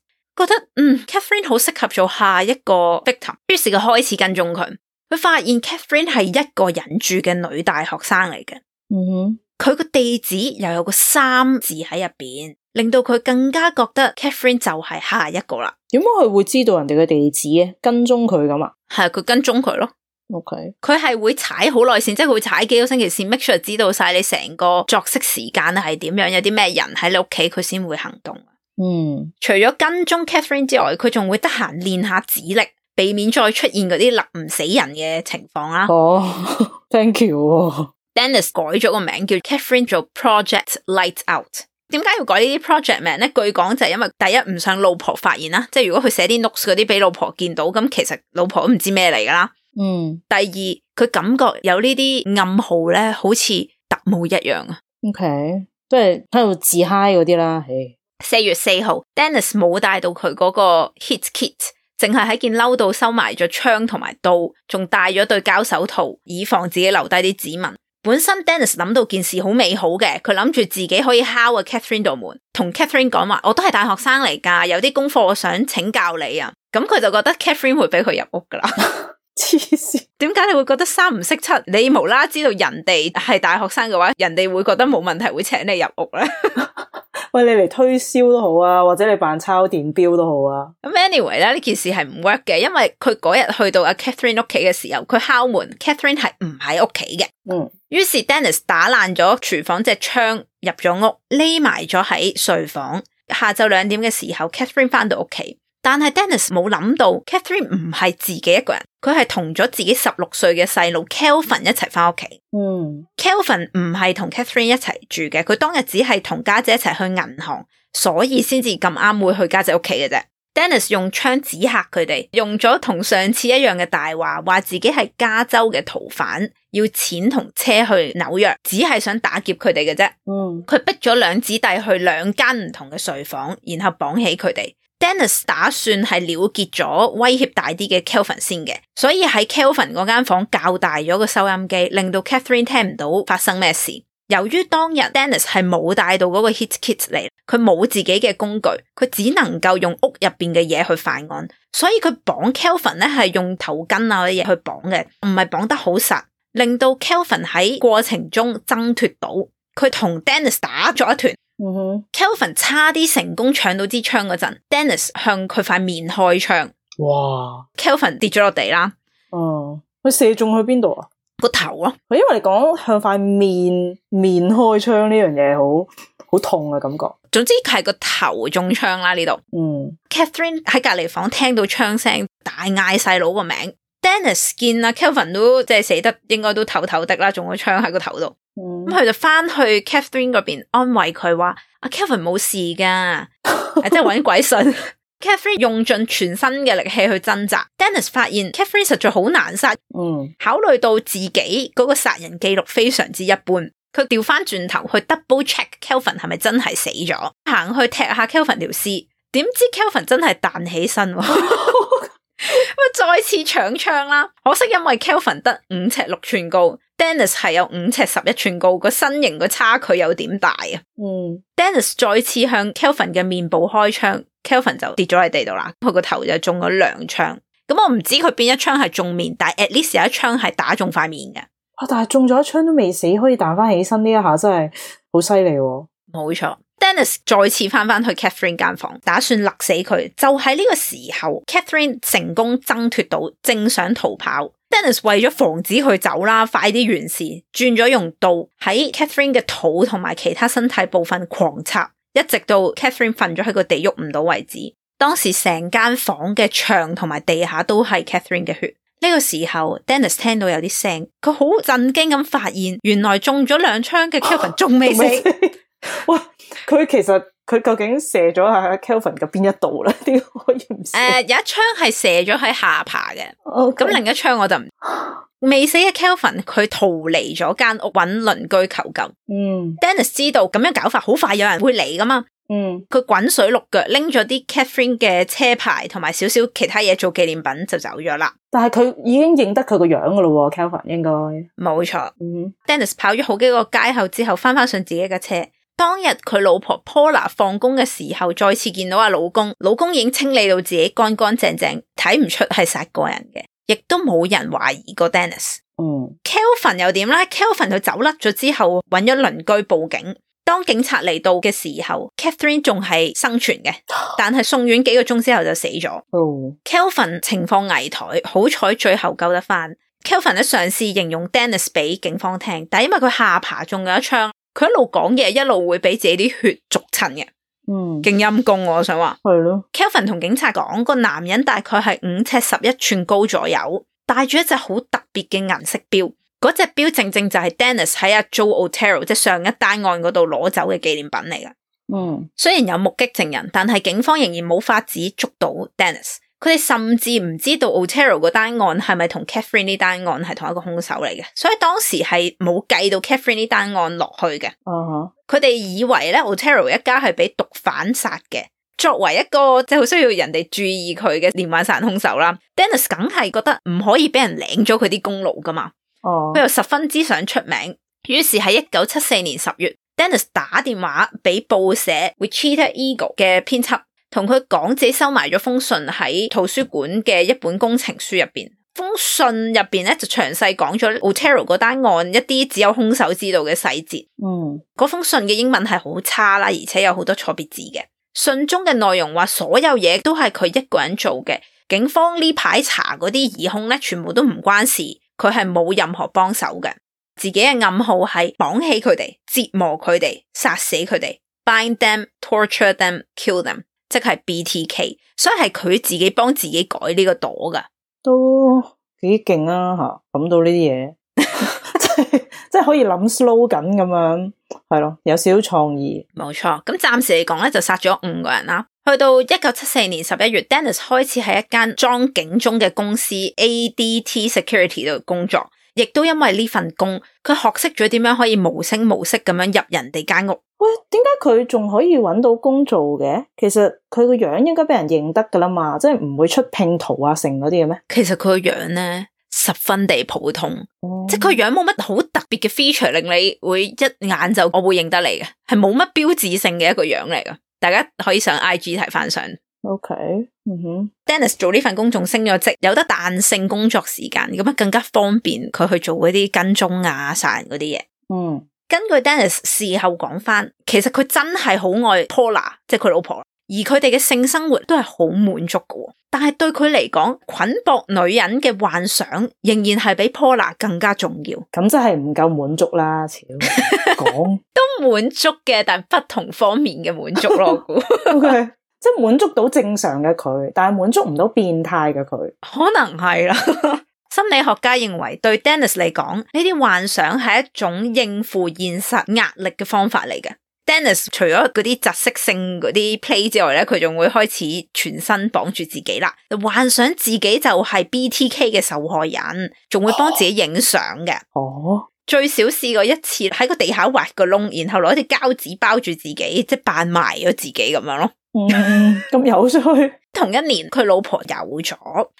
A: 覺得嗯，Catherine 好適合做下一個 victim，於是佢開始跟蹤佢。佢發現 Catherine 係一個人住嘅女大學生嚟嘅，嗯哼，佢個地址又有個三字喺入邊，令到佢更加覺得 Catherine 就係下一個啦。
B: 點解佢會知道人哋嘅地址嘅？跟蹤佢咁啊？係佢
A: 跟蹤佢咯。OK，佢係會踩好耐線，即係佢會踩幾個星期線，make sure 知道晒你成個作息時間係點樣，有啲咩人喺你屋企，佢先會行動。嗯，除咗跟蹤 Catherine 之外，佢仲會得閒練下指力，避免再出現嗰啲勒唔死人嘅情況啦、啊。好、oh，thank
B: you。
A: Dennis 改咗個名叫 Catherine 做 Project Light Out。點解要改呢啲 project 名咧？據講就係因為第一唔想老婆發現啦，即係如果佢寫啲 notes 嗰啲俾老婆見到，咁其實老婆都唔知咩嚟噶啦。嗯，第二佢感覺有呢啲暗號咧，好似特務一樣啊。OK，即係喺度自嗨嗰啲啦，唉。四月四號，Dennis 冇帶到佢嗰個 hit kit，淨係喺件褸度收埋咗槍同埋刀，仲帶咗對膠手套，以防自己留低啲指紋。本身 Dennis 諗到件事好美好嘅，佢諗住自己可以敲阿 Catherine 度門，同 Catherine 講話，我都係大學生嚟噶，有啲功課我想請教你啊，咁佢就覺得 Catherine 會俾佢入屋噶啦。 黐線，點解你會覺得三唔識七？你無啦知道人哋係大學生嘅話，人哋會覺得冇問題，會請你入屋咧 ？
B: 喂，你嚟推銷都好啊，或者你扮抄電錶都好啊。
A: 咁、嗯、anyway 咧，呢件事係唔 work 嘅，因為佢嗰日去到阿 Catherine 屋企嘅時候，佢敲門，Catherine 係唔喺屋企嘅。嗯，於是 Dennis 打爛咗廚房隻窗，入咗屋，匿埋咗喺睡房。下晝兩點嘅時候，Catherine 翻到屋企。但係 Dennis 冇諗到，Catherine 唔係自己一個人，佢係同咗自己十六歲嘅細路 Kelvin 一齊返屋企。嗯，Kelvin 唔係同 Catherine 一齊住嘅，佢當日只係同家姐一齊去銀行，所以先至咁啱會去姐姐家姐屋企嘅啫。嗯、Dennis 用槍指吓佢哋，用咗同上次一樣嘅大話，話自己係加州嘅逃犯，要錢同車去紐約，只係想打劫佢哋嘅啫。嗯，佢逼咗兩姊弟去兩間唔同嘅睡房，然後綁起佢哋。Dennis 打算係了結咗威脅大啲嘅 Kelvin 先嘅，所以喺 Kelvin 嗰間房較大咗個收音機，令到 Catherine 聽唔到發生咩事。由於當日 Dennis 係冇帶到嗰個 hit kit 嚟，佢冇自己嘅工具，佢只能夠用屋入邊嘅嘢去犯案，所以佢綁 Kelvin 咧，係用頭巾啊嗰啲嘢去綁嘅，唔係綁得好實，令到 Kelvin 喺過程中掙脫到，佢同 Dennis 打咗一團。嗯哼，Calvin 差啲成功搶到支槍嗰陣，Dennis 向佢塊面開槍，哇！Calvin 跌咗落地啦，嗯，佢射中去邊度啊？個頭囉？佢因為講向塊面
B: 面開槍呢樣嘢好好痛嘅感覺。
A: 總之佢係個頭中槍啦呢度，嗯，Kathryn 喺隔籬房聽到槍聲，大嗌細佬個名。Dennis 見啦，Calvin 都即係死得應該都透透的啦，中咗槍喺個頭度。咁佢就翻去 Catherine 嗰邊安慰佢話：阿 Calvin 冇事噶，即係揾鬼信。Catherine 用盡全身嘅力氣去掙扎。Dennis 發現 Catherine 實在好難殺。嗯，考慮到自己嗰個殺人記錄非常之一般，佢調翻轉頭去 double check Calvin 係咪真係死咗，行去踢下 Calvin 條屍，點知 Calvin 真係彈起身。咁 再次搶槍啦！可惜因為 Kelvin 得五尺六寸高，Dennis 係有五尺十一寸高，個身形個差距有點大啊。嗯，Dennis 再次向 Kelvin 嘅面部開槍 ，Kelvin 就跌咗喺地度啦。佢個頭就中咗兩槍。咁、嗯、我唔知佢邊一槍係中面，但係 at least 有一槍係打中塊面嘅。
B: 啊！但係中咗一槍都未死，可以彈翻起身呢一下真係好犀利。冇錯。
A: Dennis 再次返返去 Catherine 間房，打算勒死佢。就喺呢個時候，Catherine 成功掙脫到，正想逃跑。Dennis 為咗防止佢走啦，快啲完事，轉咗用刀喺 Catherine 嘅肚同埋其他身體部分狂插，一直到 Catherine 瞓咗喺個地喐唔到為止。當時成間房嘅牆同埋地下都係 Catherine 嘅血。呢、這個時候，Dennis 聽到有啲聲，佢好震驚咁發現，原來中咗兩槍嘅 Catherine 仲未死。
B: 哇，佢其實佢究竟射咗喺 Kelvin 嘅
A: 邊一度咧？點可以唔射？誒，uh, 有一槍係射咗喺下巴嘅。咁 Okay. 另一槍我就唔知。未死嘅 Kelvin，佢逃離咗間屋，揾鄰居求救。嗯，Dennis 知道咁樣搞法，好快有人會嚟噶嘛？嗯，佢滾水六腳，拎咗啲 Kathryn 嘅車牌同埋少少其他嘢做紀念品就走咗啦。
C: 但係佢已
B: 經認得佢個樣噶啦，Kelvin 應該冇錯。錯嗯
A: ，Dennis 跑咗好幾個街口之後，翻翻上自己嘅車。當日佢老婆 Paula 放工嘅時候，再次見到阿老公，老公已經清理到自己乾乾淨淨，睇唔出係殺過人嘅，亦都冇人懷疑過 Dennis。嗯，Kelvin 又點咧？Kelvin 佢走甩咗之後，揾咗鄰居報警。當警察嚟到嘅時候，Catherine 仲係生存嘅，但係送院幾個鐘之後就死咗。Kelvin 情況危殆，好彩最後救得返。Kelvin 咧嘗試形容 Dennis 俾警方聽，但係因為佢下巴中咗一槍。佢一路講嘢，一路會俾自己啲血逐襯嘅，嗯，勁陰功我想話。係咯，Kevin 同警察講個男人大概係五尺十一寸高左右，戴住一隻好特別嘅銀色表，嗰隻表正正就係 Dennis 喺阿 Joe Otero 即係上一單案嗰度攞走嘅紀念品嚟嘅。嗯，雖然有目擊證人，但係警方仍然冇法子捉到 Dennis。佢哋甚至唔知道 Otero 嗰單案係咪同 Catherine 呢單案係同一個兇手嚟嘅，所以當時係冇計到 Catherine 呢單案落去嘅。哦、uh，佢、huh. 哋以為咧 Otero 一家係俾毒販殺嘅，作為一個即係好需要人哋注意佢嘅連環殺人兇手啦。Uh huh. Dennis 梗係覺得唔可以俾人領咗佢啲功勞噶嘛。哦、uh，佢、huh. 又十分之想出名，於是喺一九七四年十月，Dennis 打電話俾報社 Wichita Eagle 嘅編輯。同佢講自己收埋咗封信喺圖書館嘅一本工程書入邊，封信入邊咧就詳細講咗 Otero 嗰單案一啲只有兇手知道嘅細節。嗯，嗰封信嘅英文係好差啦，而且有好多錯別字嘅。信中嘅內容話所有嘢都係佢一個人做嘅，警方呢排查嗰啲疑兇咧，全部都唔關事，佢係冇任何幫手嘅，自己嘅暗號係綁起佢哋，折磨佢哋，殺死佢哋，bind them, torture them, kill them。即係 BTK，所以係佢自己幫自己改呢個朵噶，
C: 都幾
B: 勁啊，吓，諗到呢啲嘢，即 係 可以諗 slow 緊咁樣，
A: 係咯，有少少創意。冇錯，咁暫時嚟講咧就殺咗五個人啦。去到一九七四年十一月，Dennis 開始喺一間裝警鐘嘅公司 ADT Security 度工作。亦都因為呢份工，佢學識咗點樣可以無聲無息咁樣入人哋間屋。
B: 喂，點解佢仲可以揾到工做嘅？其實佢個樣應該俾人認得噶啦嘛，即係唔會出拼圖啊成嗰啲嘅咩？等等，其實佢個樣咧
A: 十分地普通，嗯、即係佢樣冇乜好特別嘅 feature 令你會一眼就我會認得你嘅，係冇乜標誌性嘅一個樣嚟嘅。大家可以上 IG 睇翻相。
C: O K，嗯哼
A: ，Dennis 做呢份工仲升咗職，有得彈性工作時間，咁啊更加方便佢去做嗰啲跟蹤啊、殺人嗰啲嘢。嗯、mm，hmm. 根據 Dennis 事後講翻，其實佢真係好愛 Paula，即係佢老婆，而佢哋嘅性生活都係好滿足嘅，但係對佢嚟講，捆綁女人嘅幻想仍然係比 Paula 更加重要。咁真係唔夠滿足啦，講都滿足嘅，但係不同方面嘅滿足咯。 Okay. 即係滿
B: 足到正常嘅佢，但係滿足唔到變態嘅佢，
A: 可能係啦。心理學家認為對 Dennis 嚟講，呢啲幻想係一種應付現實壓力嘅方法嚟嘅。Dennis 除咗嗰啲窒息性嗰啲 play 之外咧，佢仲會開始全身綁住自己啦，幻想自己就係 BTK 嘅受害人，仲會幫自己影相嘅。
C: 哦，
A: 最少試過一次喺個地下挖個窿，然後攞隻膠紙包住自己，即係扮埋咗自己咁樣咯。咁、嗯、有趣。同一年佢老婆有咗，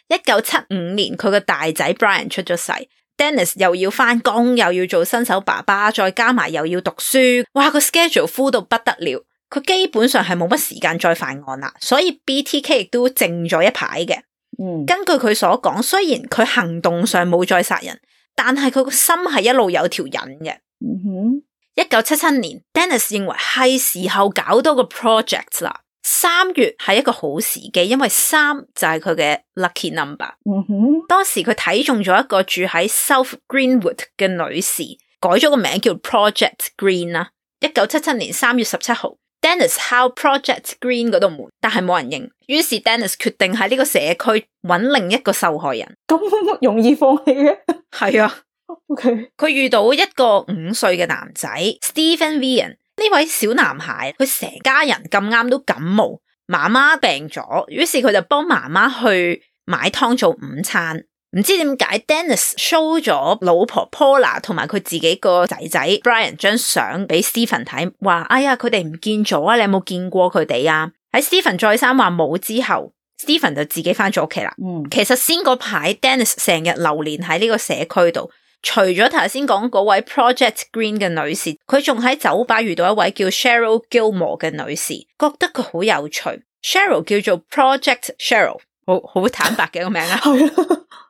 A: 一九七五年佢個大仔 Brian 出咗世，Dennis 又要翻工，又要做新手爸爸，再加埋又要讀書，哇個 schedule full 到不得了，佢基本上係冇乜時間再犯案啦。所以 BTK 亦都靜咗一排嘅。嗯、根據佢所講，雖然佢行動上冇再殺人，但係佢個心係一路有條癮嘅。嗯、哼，一九七七年，Dennis 認為係時候搞多個 project 啦。三月係一個好時機，因為三就係佢嘅 lucky number。當時佢睇中咗一個住喺 South Greenwood 嘅女士，改咗個名叫 Project Green 啦。一九七七年三月十七號，Dennis 敲 Project Green 嗰度門，但係冇人應。於是 Dennis 決定喺呢個社區揾另一個受害人。
B: 咁容易
A: 放棄嘅？係啊，佢遇到一個五歲嘅男仔 Stephen Vian。呢位小男孩，佢成家人咁啱都感冒，媽媽病咗，於是佢就幫媽媽去買湯做午餐。唔知點解，Dennis show 咗老婆 Paula 同埋佢自己個仔仔 Brian 張相俾 Stephen 睇，話哎呀，佢哋唔見咗啊！你有冇見過佢哋啊？喺 Stephen 再三話冇之後，Stephen 就自己翻咗屋企啦。嗯，其實先嗰排，Dennis 成日流連喺呢個社區度。除咗頭先講嗰位 Project Green 嘅女士，佢仲喺酒吧遇到一位叫 Cheryl Gilmore 嘅女士，覺得佢好有趣。Cheryl 叫做 Project Cheryl，好、哦、好坦白嘅個名啊。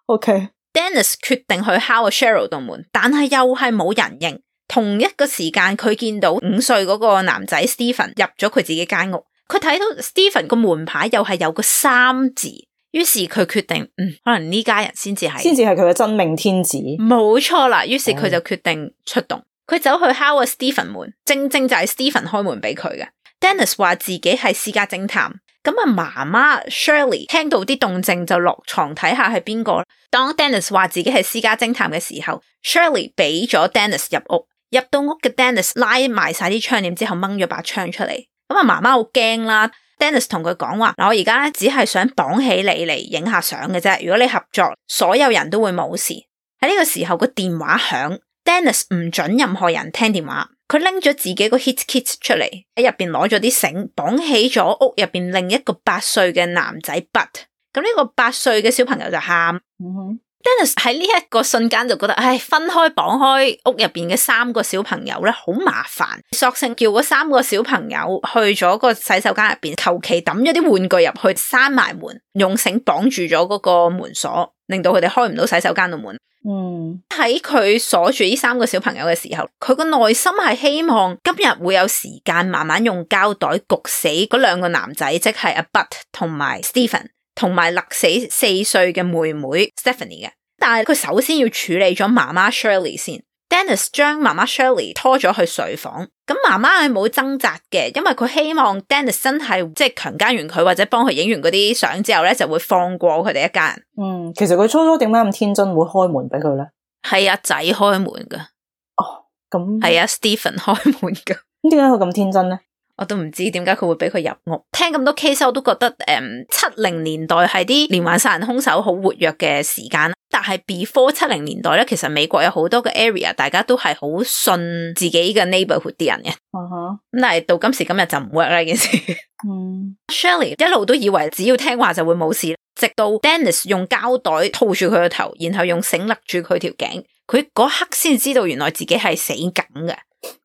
A: OK，Dennis 決定去敲阿 Cheryl 度門，但係又係冇人應。同一個時間，佢見到五歲嗰個男仔 Stephen 入咗佢自己間屋，佢睇到 Stephen 個門牌又係有個三字。於是佢決定，嗯，可能呢家人先至係，先至係佢嘅真命天子，冇錯啦。於是佢就決定出動，佢走、嗯、去敲阿 Steven 門，正正就係 Steven 開門俾佢嘅。Dennis 話自己係私家偵探，咁啊，媽媽 Shirley 聽到啲動靜就落床睇下係邊個。當 Dennis 話自己係私家偵探嘅時候，Shirley 俾咗 Dennis 入屋，入到屋嘅 Dennis 拉埋晒啲窗簾，然之後掹咗把槍出嚟，咁啊，媽媽好驚啦。Dennis 同佢講話，我而家咧，只係想綁起你嚟，影下相嘅啫。如果你合作，所有人都會冇事。喺呢個時候，個電話響，Dennis 唔准任何人聽電話。佢拎咗自己個 hit kit 出嚟，喺入邊攞咗啲繩綁起咗屋入邊另一個八歲嘅男仔 But。咁呢個八歲嘅小朋友就喊。Mm hmm. Dennis 喺呢一個瞬間就覺得，唉，分開綁開屋入邊嘅三個小朋友咧，好麻煩。索性叫嗰三個小朋友去咗個洗手間入邊，求其抌咗啲玩具入去，閂埋門，用繩綁住咗嗰個門鎖，令到佢哋開唔到洗手間嘅門。嗯，喺佢鎖住呢三個小朋友嘅時候，佢個內心係希望今日會有時間慢慢用膠袋焗死嗰兩個男仔，即係阿 But 同埋 Stephen，同埋勒死四歲嘅妹妹 Stephanie 嘅，但係佢首先要處理咗媽媽 Shirley 先。Dennis 將媽媽 Shirley 拖咗去睡房，咁媽媽係冇掙扎嘅，因為佢希望 Dennis 真係即係強姦完佢或者幫佢影完嗰啲相之後咧，就會放過佢哋一家人。嗯，其實佢初初點解咁天真會開門俾佢咧？係阿仔開門噶。哦，咁係啊，Stephen 開門噶。咁點解佢咁天真咧？我都唔知點解佢會俾佢入屋。聽咁多 case，我都覺得誒，七零年代係啲連環殺人兇手好活躍嘅時間。但係 before 七零年代咧，其實美國有好多嘅 area，大家都係好信自己嘅 neighborhood 啲人嘅。
C: 咁
A: 但係到今時今日就唔 work 啦件事。嗯、Shirley 一路都以為只要聽話就會冇事，直到 Dennis 用膠袋套住佢個頭，然後用繩勒住佢條頸，佢嗰刻先知道原來自己係死梗嘅。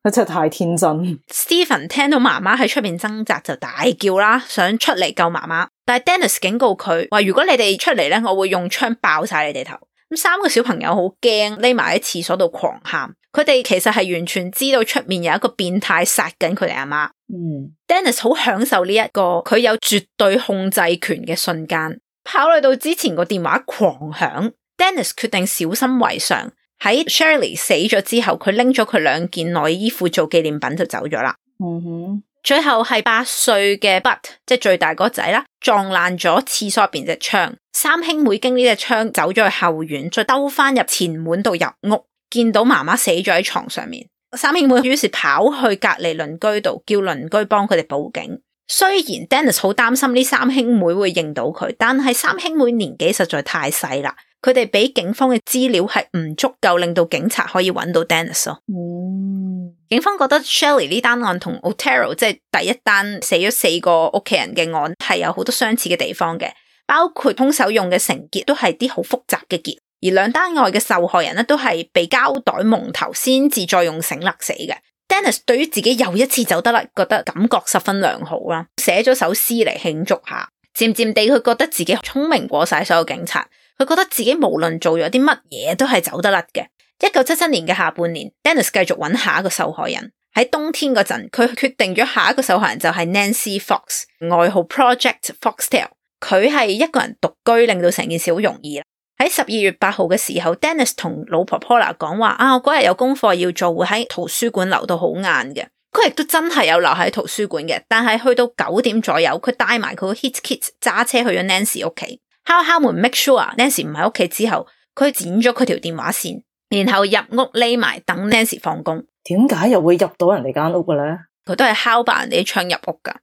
A: 佢真係太天真。Stephen 聽到媽媽喺出面掙扎就大叫啦，想出嚟救媽媽。但係 Dennis 警告佢話：如果你哋出嚟咧，我會用槍爆晒你哋頭。咁三個小朋友好驚，匿埋喺廁所度狂喊。佢哋其實係完全知道出面有一個變態殺緊佢哋阿媽。嗯，Dennis 好享受呢、這、一個佢有絕對控制權嘅瞬間。考慮到之前個電話狂響，Dennis 決定小心為上。喺 Shirley 死咗之後，佢拎咗佢兩件內衣褲做紀念品就走咗啦。嗯
C: 哼，
A: 最後係八歲嘅 Butt 即係最大個仔啦，撞爛咗廁所入邊隻窗。三兄妹經呢隻窗走咗去後院，再兜翻入前門度入屋，見到媽媽死咗喺床上面。三兄妹於是跑去隔籬鄰居度叫鄰居幫佢哋報警。雖然 Dennis 好擔心呢三兄妹會認到佢，但係三兄妹年紀實在太細啦，佢哋俾警方嘅資料係唔足夠令到警察可以揾到 Dennis 咯。嗯，警方覺得 Shelly 呢單案同 Otero 即係第一單死咗四個屋企人嘅案係有好多相似嘅地方嘅，包括凶手用嘅繩結都係啲好複雜嘅結，而兩單案嘅受害人咧都係被膠袋蒙頭先至再用繩勒死嘅。Dennis 對於自己又一次走得甩，覺得感覺十分良好啦，寫咗首詩嚟慶祝下。漸漸地，佢覺得自己聰明過晒所有警察，佢覺得自己無論做咗啲乜嘢都係走得甩嘅。一九七七年嘅下半年，Dennis 繼續揾下一個受害人。喺冬天嗰陣，佢決定咗下一個受害人就係 Nancy Fox，外號 Project Foxtail。佢係一個人獨居，令到成件事好容易。喺十二月八號嘅時候，Dennis 同老婆 Paula 講話：啊，我嗰日有功課要做，會喺圖書館留到好晏嘅。佢亦都真係有留喺圖書館嘅。但係去到九點左右，佢帶埋佢個 hit kit 揸車去咗 Nancy 屋企，敲敲門，make sure Nancy 唔喺屋企之後，佢剪咗佢條電話線，然後入屋匿埋等 Nancy 放工。點解又會入到人
B: 哋間屋嘅咧？
A: 佢都係敲爆人哋啲窗入屋噶。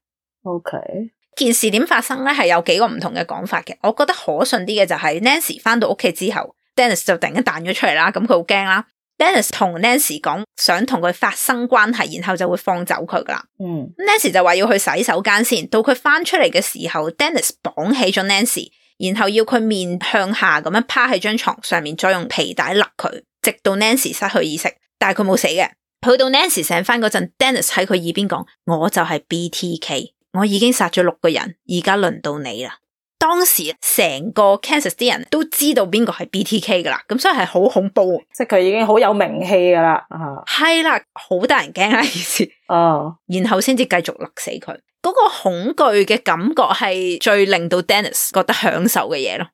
A: Okay. 件事點發生咧，係有幾個唔同嘅講法嘅。我覺得可信啲嘅就係 Nancy 翻到屋企之後 ，Dennis 就突然間彈咗出嚟啦。咁佢好驚啦。 Dennis 同 Nancy 講想同佢發生關係，然後就會放走佢噶啦。嗯 ，Nancy 就話要去洗手間先。到佢翻出嚟嘅時候，Dennis 綁起咗 Nancy，然後要佢面向下咁樣趴喺張床上面，再用皮帶勒佢，直到 Nancy 失去意識。但係佢冇死嘅。去到 Nancy 醒翻嗰陣，Dennis 喺佢耳邊講：我就係 BTK。T K 我已經殺咗六個人，而家輪到你啦。當時成個 Kansas 啲人都知道邊個係 BTK 噶啦，咁所以係好恐怖，即係佢已經好有名氣噶啦。係啦， 好得人驚啊！意思哦，oh。然後先至繼續勒死佢。嗰、那個恐懼嘅感覺係最令到 Dennis 覺得享受嘅嘢咯。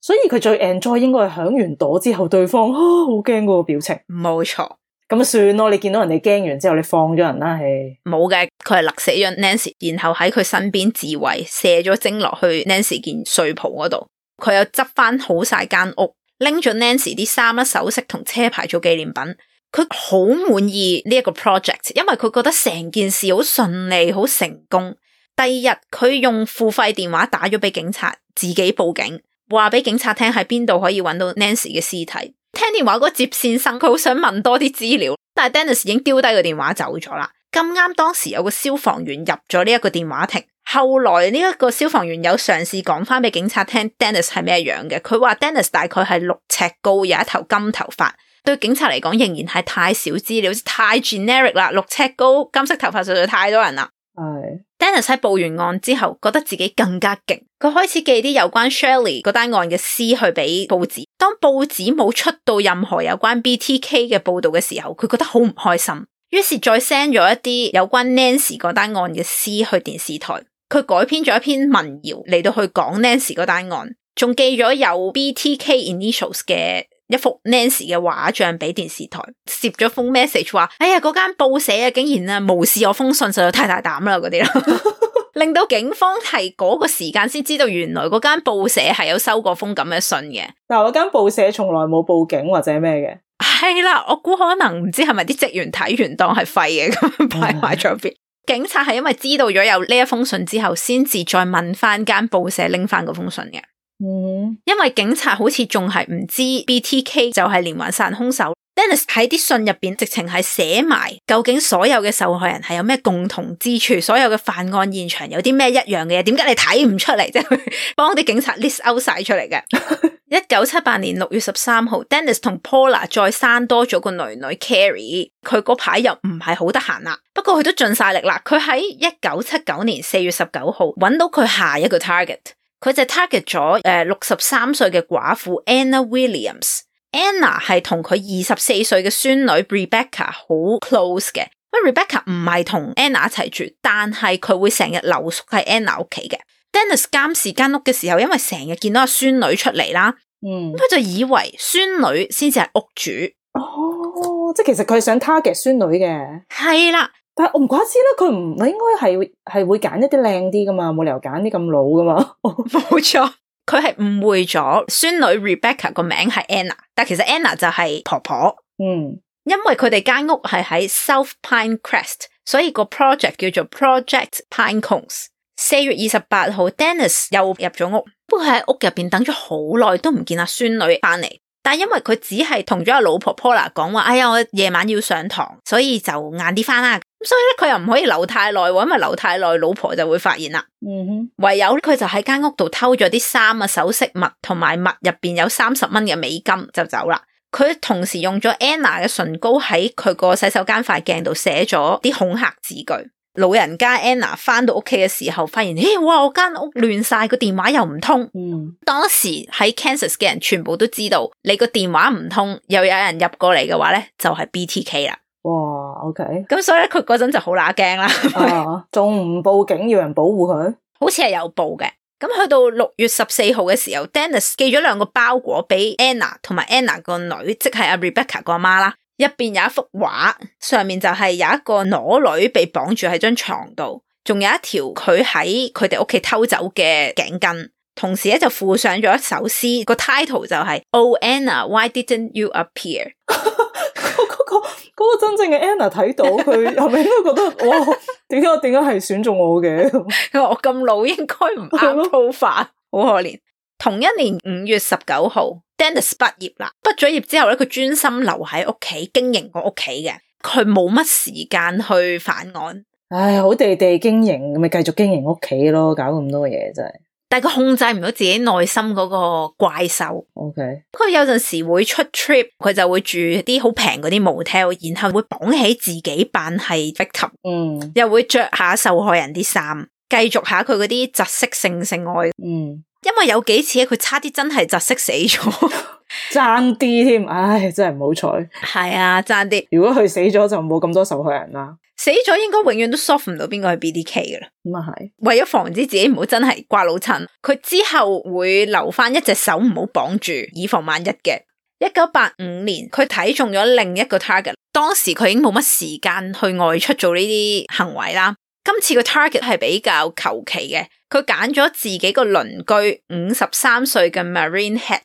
B: 所以佢最 enjoy 應該係響完朵之後，
A: 對方啊好驚嗰個表情。冇錯，咁算咯。你見到人哋驚完之後，你放咗人啦，係冇嘅。佢係勒死咗 Nancy，然後喺佢身邊自慰，射咗精落去 Nancy 件睡袍嗰度。佢又執翻好晒間屋，拎咗 Nancy 啲衫啦、首飾同車牌做紀念品。佢好滿意呢一個 project，因為佢覺得成件事好順利、好成功。第二日佢用付費電話打咗俾警察，自己報警，話俾警察聽喺邊度可以揾到 Nancy 嘅屍體。聽電話嗰個接線生，佢好想問多啲資料，但係 Dennis 已經丟低個電話走咗啦。咁啱當時有個消防員入咗呢一個電話亭，後來呢一個消防員有嘗試講翻俾警察聽，Dennis 係咩樣嘅？佢話 Dennis 大概係六尺高，有一頭金頭髮。對警察嚟講仍然係太少資料，太 generic 啦。六尺高，金色頭髮，實在太多人啦。係是。Dennis 喺報完案之後，覺得自己更加勁，佢開始寄啲有關 Shelly 嗰單案嘅詩去俾報紙。當報紙冇出到任何有關 BTK 嘅報道嘅時候，佢覺得好唔開心。於是再 send 咗一啲有關 Nancy 嗰單案嘅詩去電視台，佢改編咗一篇民謠嚟到去講 Nancy 嗰單案，仲寄咗有 BTK initials 嘅一幅 Nancy 嘅畫像俾電視台，攝咗封 message 話：哎呀，嗰間報社啊，竟然啊無視我封信，實在有太大膽啦嗰啲啦， 令到警方係嗰個時間先知道原來嗰間報社係有收過封咁嘅信嘅，
B: 但我嗰間報社從來冇報警或者咩嘅。
A: 係啦，我估可能唔知係咪啲職員睇完當係廢嘅咁，擺埋咗邊。Oh. 警察係因為知道咗有呢一封信之後，先至再問翻間報社拎翻嗰封信嘅。嗯，oh. 因為警察好似仲係唔知 BTK 就係連環殺人凶手。Dennis 喺啲信入邊，直情係寫埋究竟所有嘅受害人係有咩共同之處，所有嘅犯案現場有啲咩一樣嘅嘢？點解你睇唔出嚟啫？幫 啲警察 list out 晒出嚟嘅。一九七八年六月十三號，Dennis 同 Paula 再生多咗個女女 Carrie，佢嗰排又唔係好得閒啦，不過佢都盡晒力啦。佢喺一九七九年四月十九號揾到佢下一個 target，佢就 target 咗誒六十三歲嘅寡婦 Anna Williams。Anna 係同佢二十四歲嘅孫女 Rebecca 好 close 嘅，Re 不 Rebecca 唔係同 Anna 一齊住，但係佢會成日留宿喺 Anna 屋企嘅。Dennis 監視間屋嘅時候，因為成日見到阿孫女出嚟啦，嗯，佢就以為孫女先至係屋主，
B: 哦，即係其實佢係想 target 孫女嘅，係啦，但係我唔怪之啦，佢唔，佢應該係係會揀一啲靚啲噶嘛，冇理由揀啲咁老噶嘛，
A: 冇 錯。佢係誤會咗孫女 Rebecca 個名係 Anna，但其實 Anna 就係婆婆。嗯，因為佢哋間屋係喺 South Pinecrest，所以個 project 叫做 Project Pinecones。四月二十八號，Dennis 又入咗屋，不過佢喺屋入邊等咗好耐都唔見阿孫女翻嚟。但係因為佢只係同咗阿老婆 Paula 講話，哎呀我夜晚要上堂，所以就晏啲翻啦。咁所以咧，佢又唔可以留太耐，因為留太耐，老婆就會發現啦。
C: Mm hmm.
A: 唯有咧，佢就喺間屋度偷咗啲衫啊、首飾物，同埋物入邊有三十蚊嘅美金就走啦。佢同時用咗 Anna 嘅唇膏喺佢個洗手間塊鏡度寫咗啲恐嚇字句。老人家 Anna 翻到屋企嘅時候，發現，咦，哇，我間屋亂晒，個電話又唔通。Mm hmm. 當時喺 Kansas 嘅人全部都知道，你個電話唔通，又有人入過嚟嘅話咧，就係、是、BTK 啦。O.K.，咁所以咧佢嗰陣就好乸驚啦，仲唔、uh, 報警要人保護佢？好似係有報嘅。咁去到六月十四號嘅時候，Dennis 寄咗兩個包裹俾 Anna 同埋 Anna 個女，即係阿 Rebecca 個媽啦。入邊有一幅畫，上面就係有一個裸女被綁住喺張床度，仲有一條佢喺佢哋屋企偷走嘅頸巾。同時咧就附上咗一首詩，個 title 就係 Oh Anna, Why didn't you appear？
B: 嗰嗰個真正嘅 Anna 睇到佢，係咪都該覺
A: 得我點解我點解係選中我嘅？佢話 我咁老應該唔啱好煩好可憐。同一年五月十九號，Dennis 畢業啦。畢咗業之後咧，佢專心留喺屋企經營個屋企嘅，佢冇乜時間去犯案。
B: 唉，好地地經營咪繼續經營屋企咯，搞咁多嘢真係。
A: 但係佢控制唔到自己內心嗰個怪獸，OK。佢有陣時會出 trip，佢就會住啲好平嗰啲 motel 然後會綁起自己扮係 victim，嗯，又會着下受害人啲衫，繼續下佢嗰啲窒息性性愛，嗯，因為有幾次佢差啲真係窒息死咗，爭啲添，唉，真係唔好彩，係啊，爭啲。如果佢死咗，就冇咁多受害人啦。死咗應該永遠都 soft 唔到邊個係 BTK 嘅啦，咁啊係為咗防止自己唔好真係掛老襯，佢之後會留翻一隻手唔好綁住，以防萬一嘅。一九八五年佢睇中咗另一個 target，當時佢已經冇乜時間去外出做呢啲行為啦。今次個 target 係比較求其嘅，佢揀咗自己個鄰居五十三歲嘅 Marine Hedge，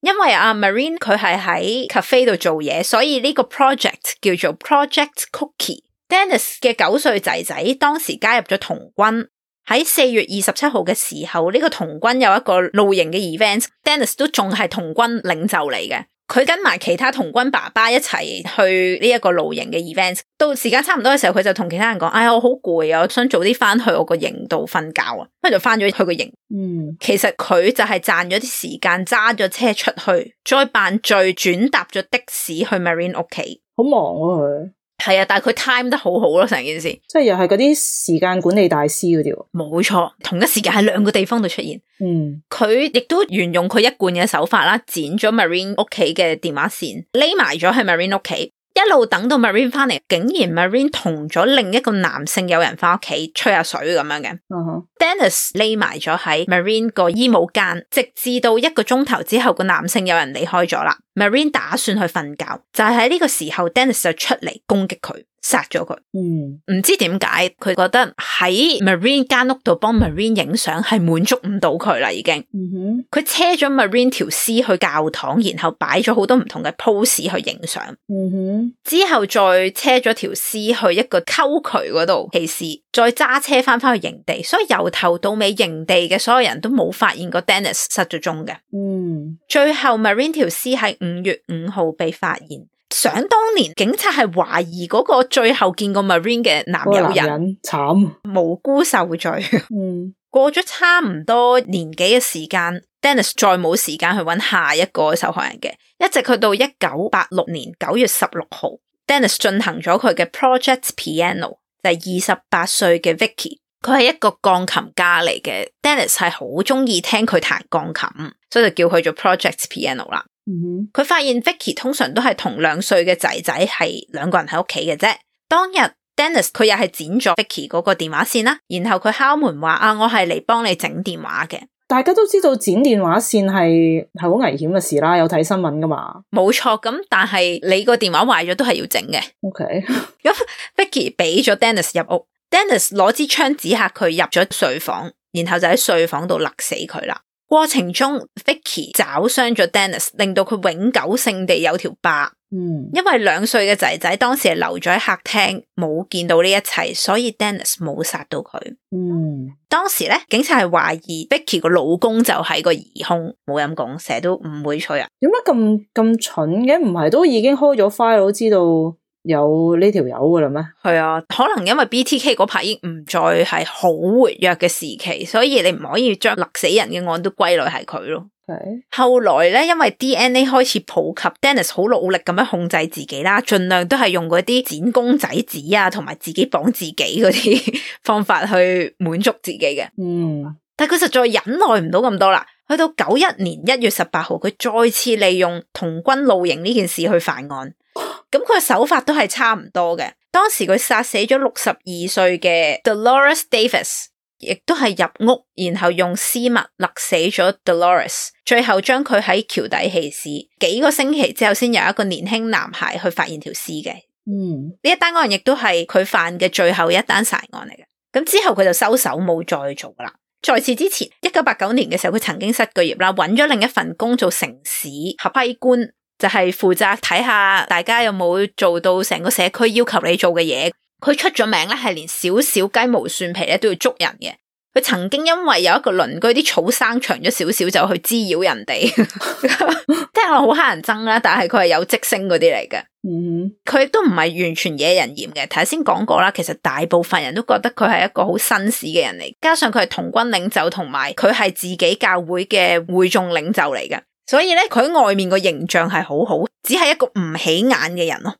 A: 因為阿、啊、Marine 佢係喺 cafe 度做嘢，所以呢個 project 叫做 Project Cookie。Dennis 嘅九歲仔仔當時加入咗童軍，喺四月二十七號嘅時候，呢個童軍有一個露營嘅 events，Dennis 都仲係童軍領袖嚟嘅，佢跟埋其他童軍爸爸一齊去呢一個露營嘅 events。到時間差唔多嘅時候，佢就同其他人講：，哎呀，我好攰啊，我想早啲翻去我個營度瞓覺啊。咁就翻咗去個營。嗯，其實佢就係賺咗啲時間，揸咗車出去，再扮醉轉搭咗的士去 Marine 屋企。好忙啊佢。係啊，但係佢 time 得好好咯，成件事。即係又係嗰啲時間管理大師嗰啲。冇錯，同一時間喺兩個地方度出現。嗯，佢亦都沿用佢一貫嘅手法啦，剪咗 Marine 屋企嘅電話線，匿埋咗喺 Marine 屋企。一路等到 Marine 翻嚟，竟然 Marine 同咗另一個男性友人翻屋企吹下水咁樣嘅。Uh huh. Dennis 匿埋咗喺 Marine 個衣帽間，直至到一個鐘頭之後，個男性友人離開咗啦。Marine 打算去瞓覺，就係喺呢個時候，Dennis 就出嚟攻擊佢。殺咗佢，唔、嗯、知點解佢覺得喺 Marine 間屋度幫 Marine 影相係滿足唔到佢啦，已經。佢車咗 Marine 條屍去教堂，然後擺咗好多唔同嘅 pose 去影相。嗯、哼之後再車咗條屍去一個溝渠嗰度，其時再揸車返返去營地，所以由頭到尾營地嘅所有人都冇發現過 Dennis 失咗蹤嘅。嗯、最後 Marine 條屍喺五月五號被發現。想當年，警察係懷疑嗰個最後見過 Marine 嘅男友人，人慘無辜受罪。 嗯，過咗差唔多年幾嘅時間，Dennis 再冇時間去揾下一個受害人嘅，一直去到一九八六年九月十六號，Dennis 進行咗佢嘅 Project Piano，就係二十八歲嘅 Vicky，佢係一個鋼琴家嚟嘅，Dennis 係好中意聽佢彈鋼琴，所以就叫佢做 Project Piano 啦。佢、嗯、發現 Vicky 通常都係同兩歲嘅仔仔係兩個人喺屋企嘅啫。當日 Dennis 佢又係剪咗 Vicky 嗰個電話線啦，然後佢敲門話啊，我係嚟幫你整電話嘅。
B: 大家都知道剪電話線係係好危險嘅事啦，有睇新聞噶嘛？
A: 冇錯，咁但係你個電話壞咗都係要整嘅。OK，Vicky Okay. 咁俾咗 Dennis 入屋，Dennis 攞支槍指下佢入咗睡房，然後就喺睡房度勒死佢啦。過程中，Vicky 抓傷咗 Dennis，令到佢永久性地有條疤。嗯，因為兩歲嘅仔仔當時係留咗喺客廳，冇見到呢一切，所以 Dennis 冇殺到佢。
C: 嗯，
A: 當時咧，警察係懷疑 Vicky 個老公就係個疑凶。冇咁講，成日都唔會吹啊，
B: 點解咁咁蠢嘅？唔係都已經開咗 file 我知道？有呢條友噶啦咩？係啊，
A: 可能因為 BTK 嗰排已經唔再係好活躍嘅時期，所以你唔可以將勒死人嘅案都歸類係佢咯。係的後來咧，因為 DNA 開始普及，Dennis 好努力咁樣控制自己啦，盡量都係用嗰啲剪公仔紙啊，同埋自己綁自己嗰啲 方法去滿足自己嘅。嗯，但係佢實在忍耐唔到咁多啦。去到九一年一月十八號，佢再次利用童軍露營呢件事去犯案。咁佢嘅手法都係差唔多嘅。當時佢殺死咗六十二歲嘅 Dolores Davis，亦都係入屋然後用絲襪勒死咗 Dolores，最後將佢喺橋底棄屍。幾個星期之後，先有一個年輕男孩去發現條屍嘅。
C: 嗯，
A: 呢一單案亦都係佢犯嘅最後一單殺案嚟嘅。咁之後佢就收手冇再做啦。在此之前，一九八九年嘅時候，佢曾經失過業啦，揾咗另一份工做城市合批官。就係負責睇下大家有冇做到成個社區要求你做嘅嘢。佢出咗名咧，係連少少雞毛蒜皮咧都要捉人嘅。佢曾經因為有一個鄰居啲草生長咗少少就去滋擾人哋，即係我好乞人憎啦。但係佢係有職聲嗰啲嚟嘅。嗯，佢亦都唔係完全惹人嫌嘅。頭先講過啦，其實大部分人都覺得佢係一個好紳士嘅人嚟，加上佢係童軍領袖，同埋佢係自己教會嘅會眾領袖嚟嘅。所以咧，佢外面個形象係好好，只係一個唔起眼嘅人咯。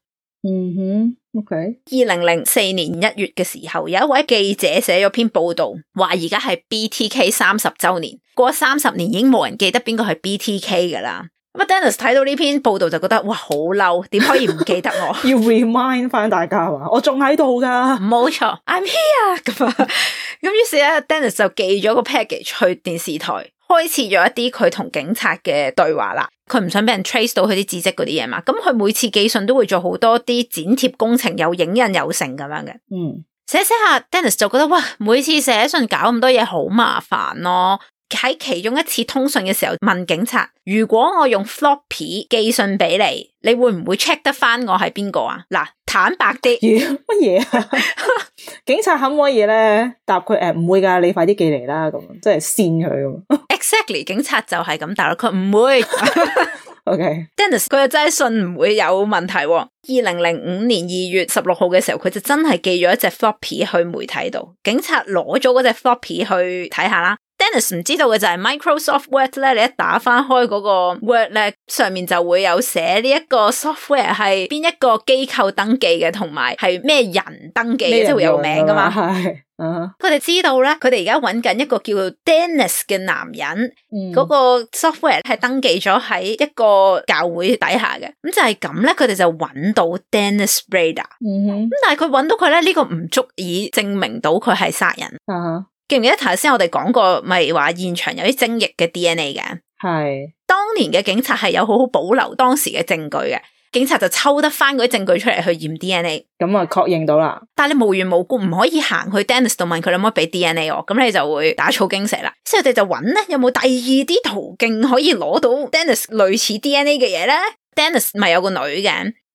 A: 嗯哼、mm hmm.，OK。二零零四年一月嘅時候，有一位記者寫咗篇報道，話而家係 BTK 三十周年，過三十年已經冇人記得邊個係 BTK 噶啦。咁啊 ，Dennis 睇到呢篇報道就覺得哇，好嬲，點可以唔記得我？ 要 remind 翻大家啊，我仲喺度噶，冇錯，I'm here 咁 啊。 咁於是咧，Dennis 就寄咗個 package 去電視台。開始咗一啲佢同警察嘅對話啦，佢唔想俾人 trace 到佢啲字跡嗰啲嘢嘛，咁佢每次寄信都會做好多啲剪貼工程，有影印有成咁樣嘅。嗯，寫寫下 Dennis 就覺得哇，每次寫信搞咁多嘢好麻煩咯。喺其中一次通訊嘅時候問警察，如果我用 floppy 寄信俾你，你會唔會 check 得翻我係邊個啊？嗱。坦白啲，乜嘢
B: 啊？警察可唔可以咧答佢？誒、呃，唔會噶，你快啲寄嚟啦。咁，即係騙佢咁。
A: Exactly， 警察就係咁答佢，唔會。
C: Okay，
A: Dennis，佢又真係信唔會有問題，哦。二零零五年二月十六號嘅時候，佢就真係寄咗一隻 floppy 去媒體度，警察攞咗嗰隻 floppy 去睇下啦。Dennis 唔知道嘅就係 Microsoft Word 咧，你一打翻開嗰個 Word 咧，上面就會有寫呢、so、一個 software 係邊一個機構登記嘅，同埋係咩人登記，即係會有名噶嘛？
C: 係，
A: 佢、uh、哋、huh. 知道咧，佢哋而家搵緊一個叫做 Dennis 嘅男人，嗰、uh huh. 個 software 係登記咗喺一個教會底下嘅。咁就係咁咧，佢哋就搵到 Dennis Rader。咁但係佢搵到佢咧，呢、這個唔足以證明到佢係殺人。Uh huh. 記唔記得頭先我哋講過，咪話現場有啲精液嘅 DNA 嘅？係是當年嘅警察係有好好保留當時嘅證據嘅，警察就抽得翻嗰啲證據出嚟去驗 DNA，咁啊確認到啦。但係你無緣無故唔可以行去 Dennis 度問佢可唔可以俾 DNA 我，咁你就會打草驚蛇啦。所以佢哋就揾咧，有冇第二啲途徑可以攞到 Dennis 類似 DNA 嘅嘢咧？Dennis 咪有個女嘅，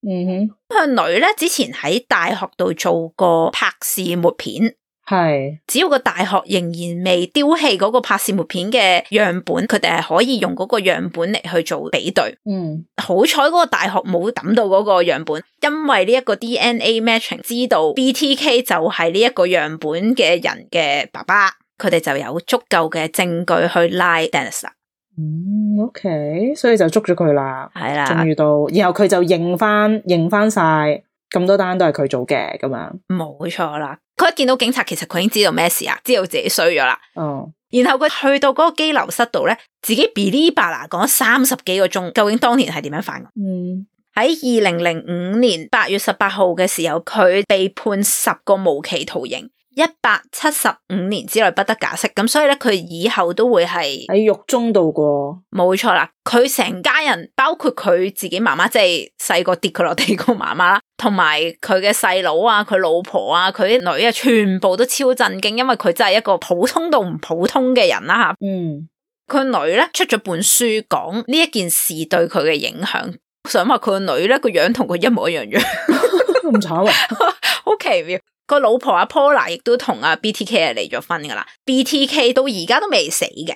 A: 嗯哼，個女咧之前喺大學度做過柏氏抹片。係，是只要個大學仍然未丟棄嗰個柏氏抹片嘅樣本，佢哋係可以用嗰個樣本嚟去做比對。嗯，好彩嗰個大學冇抌到嗰個樣本，因為呢一個 DNA matching 知道 BTK 就係呢一個樣本嘅人嘅爸爸，佢哋就有足夠嘅證據去拉 Dennis 啦。
B: 嗯，OK，所以就捉咗佢啦。係啦的，終於到，然後佢就認翻認翻晒。咁多單都係佢做嘅，咁樣
A: 冇錯啦。佢一見到警察，其實佢已經知道咩事啊，知道自己衰咗啦。哦，然後佢去到嗰個羈留室度咧，自己噼里啪啦講咗三十幾個鐘，究竟當年係點樣犯案？
C: 嗯，
A: 喺二零零五年八月十八號嘅時候，佢被判十個無期徒刑，一百七十五年之內不得假釋。咁所以咧，佢以後都會係喺獄中度過。冇錯啦，佢成家人包括佢自己媽媽，即係細個跌佢落地個媽媽同埋佢嘅細佬啊，佢老婆啊，佢啲女啊，全部都超震驚，因為佢真係一個普通到唔普通嘅人啦、啊、吓。嗯。佢女咧出咗本書，講呢一件事對佢嘅影響。我想話佢個女咧個樣同佢一模一樣樣，咁 慘 啊， 好奇妙。個老婆阿、啊、Paula 亦都同阿 BTK 係離咗婚噶啦。BTK 到而家都未死嘅。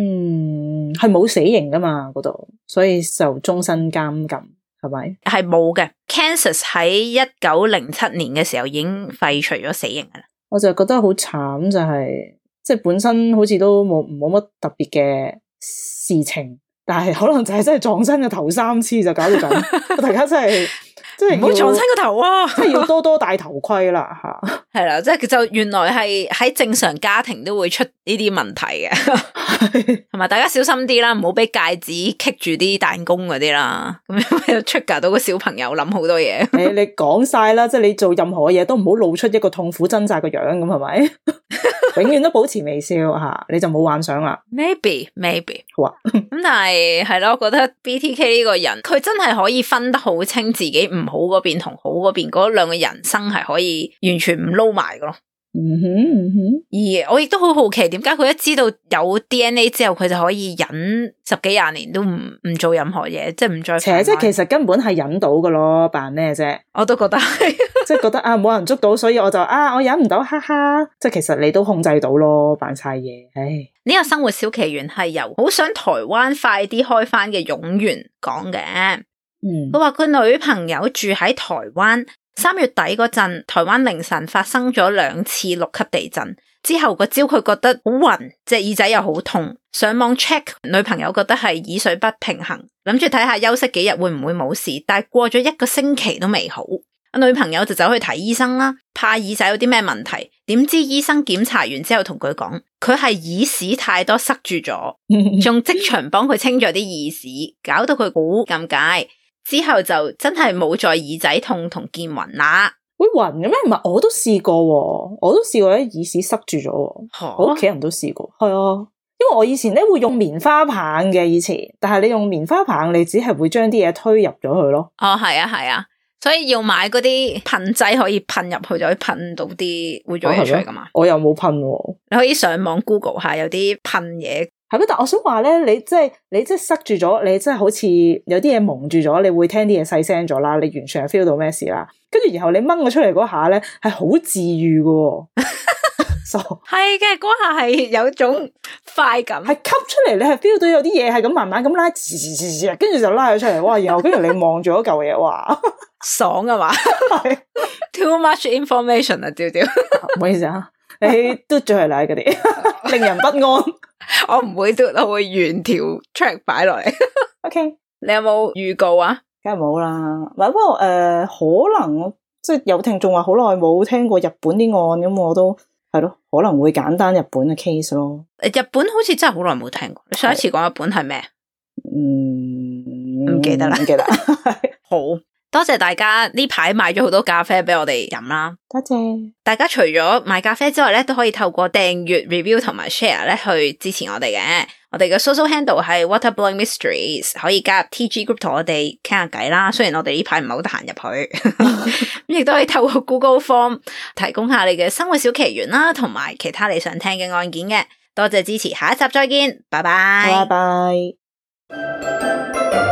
A: 嗯，
B: 係冇死刑噶嘛嗰度，所以就終身監禁。係
A: 咪？係冇嘅。Kansas 喺一九零七年嘅時候已經廢除咗死刑噶啦。
B: 我就覺得好慘，就是，就係即係本身好似都冇冇乜特別嘅事情，但係可能就係真係撞身嘅頭三次就搞到咁，大家真係。 唔好撞親個
A: 頭啊！即係要多
B: 多戴頭盔啦嚇。
A: 係啦， 即係就原來係喺正常家庭都會出呢啲問題嘅。同 埋 大家小心啲啦，唔好俾戒指棘住啲彈弓嗰啲啦。咁樣 trigger
B: 到個小朋友諗好多嘢。誒， 你講晒啦，即係你做任何嘢都唔好露出一個痛苦掙扎個樣咁，係咪？ 永遠都保持微笑吓、啊，你就冇幻想啦。
A: Maybe，maybe 好啊。咁但係係咯，我覺得 BTK 呢個人佢真係可以分得好清自己唔好嗰邊同好嗰邊嗰兩個人生係可以完全唔撈埋噶咯。嗯哼嗯哼。而我亦都好好奇，點解佢一知道有 DNA 之後，佢就可以忍十幾廿年都唔唔做任何嘢，即係唔再。邪，即係其實根本
B: 係忍到噶咯，扮咩啫？
A: 我都覺得係。 即 覺得啊，冇人捉到，所以我就啊，我忍唔到，哈哈！
B: 即係其實你都控制到咯，扮晒嘢，唉、哎。
A: 呢個生活小奇懸係由好想台灣快啲開翻嘅勇元講嘅，嗯，佢話佢女朋友住喺台灣，三月底嗰陣，台灣凌晨發生咗兩次六級地震，之後個朝佢覺得好暈，隻耳仔又好痛，上網 check 女朋友覺得係耳水不平衡，諗住睇下休息幾日會唔會冇事，但係過咗一個星期都未好。女朋友就走去睇醫生啦，怕耳仔有啲咩問題。點知醫生檢查完之後同佢講，佢係耳屎太多塞住咗，仲即場幫佢清咗啲耳屎，搞到佢好尷尬。之後就真係冇再耳仔痛同見暈啦。
B: 會暈嘅咩？唔係，我都試過，我都試過啲耳屎塞住咗。蛤我屋企人都試過，係啊。
A: 因為我以前咧
B: 會用棉花棒嘅以前，但係你用棉花棒，你只係會將啲嘢推入咗去咯。
A: 哦，係啊，係啊。所以要買嗰啲噴劑，可以噴入去就可以噴到啲污糟嘢出嚟㗎嘛？
B: 我又冇噴喎，
A: 你可以上網 Google 下有啲噴嘢。係咯，
B: 但我想話咧，你即係你即係塞住咗，你真係好似有啲嘢蒙住咗，你會聽啲嘢細聲咗啦，你完全係 feel 到咩事啦。跟住然後你掹咗出嚟嗰下咧，係好治愈嘅、
A: 哦， 傻瓜。係嘅， 嗰下係有種快感，係 吸
B: 出嚟你係 feel 到有啲嘢係咁慢慢咁拉，吱吱吱吱，跟住就拉咗出嚟。哇！然後跟住你望住嗰
A: 嚿嘢，哇 的，爽啊嘛！Too much information 啊，丟丟，唔好意思啊。你
B: do 最係賴嗰啲，
A: 令人不安 我不。我唔會 do，我會原條 track 擺落嚟。
B: OK，你有冇預告啊？梗係冇啦。係，不過誒、呃，可能即係有聽眾話好耐冇聽過日本啲案，咁我都係咯，可能會簡單日本嘅 case 咯。
A: 誒，日本好似真係好耐冇聽過。你上一次講日本係咩？嗯，唔記得啦，唔記得，好。多謝大家呢排買咗好多咖啡俾我哋飲啦！多謝大家除咗買咖啡之外咧，都可以透過訂閱、review 同埋 share 咧去支持我哋嘅。我哋嘅 social handle 係 Water Blowing Mysteries，可以加入 TG group 同我哋傾下偈啦。雖然我哋呢排唔係好得閒入去，咁亦都可以透過 Google Form 提供下你嘅生活小奇懸啦、啊，同埋其他你想聽嘅案件嘅。多謝支持，下一集再見，拜拜，拜
B: 拜 Bye bye.。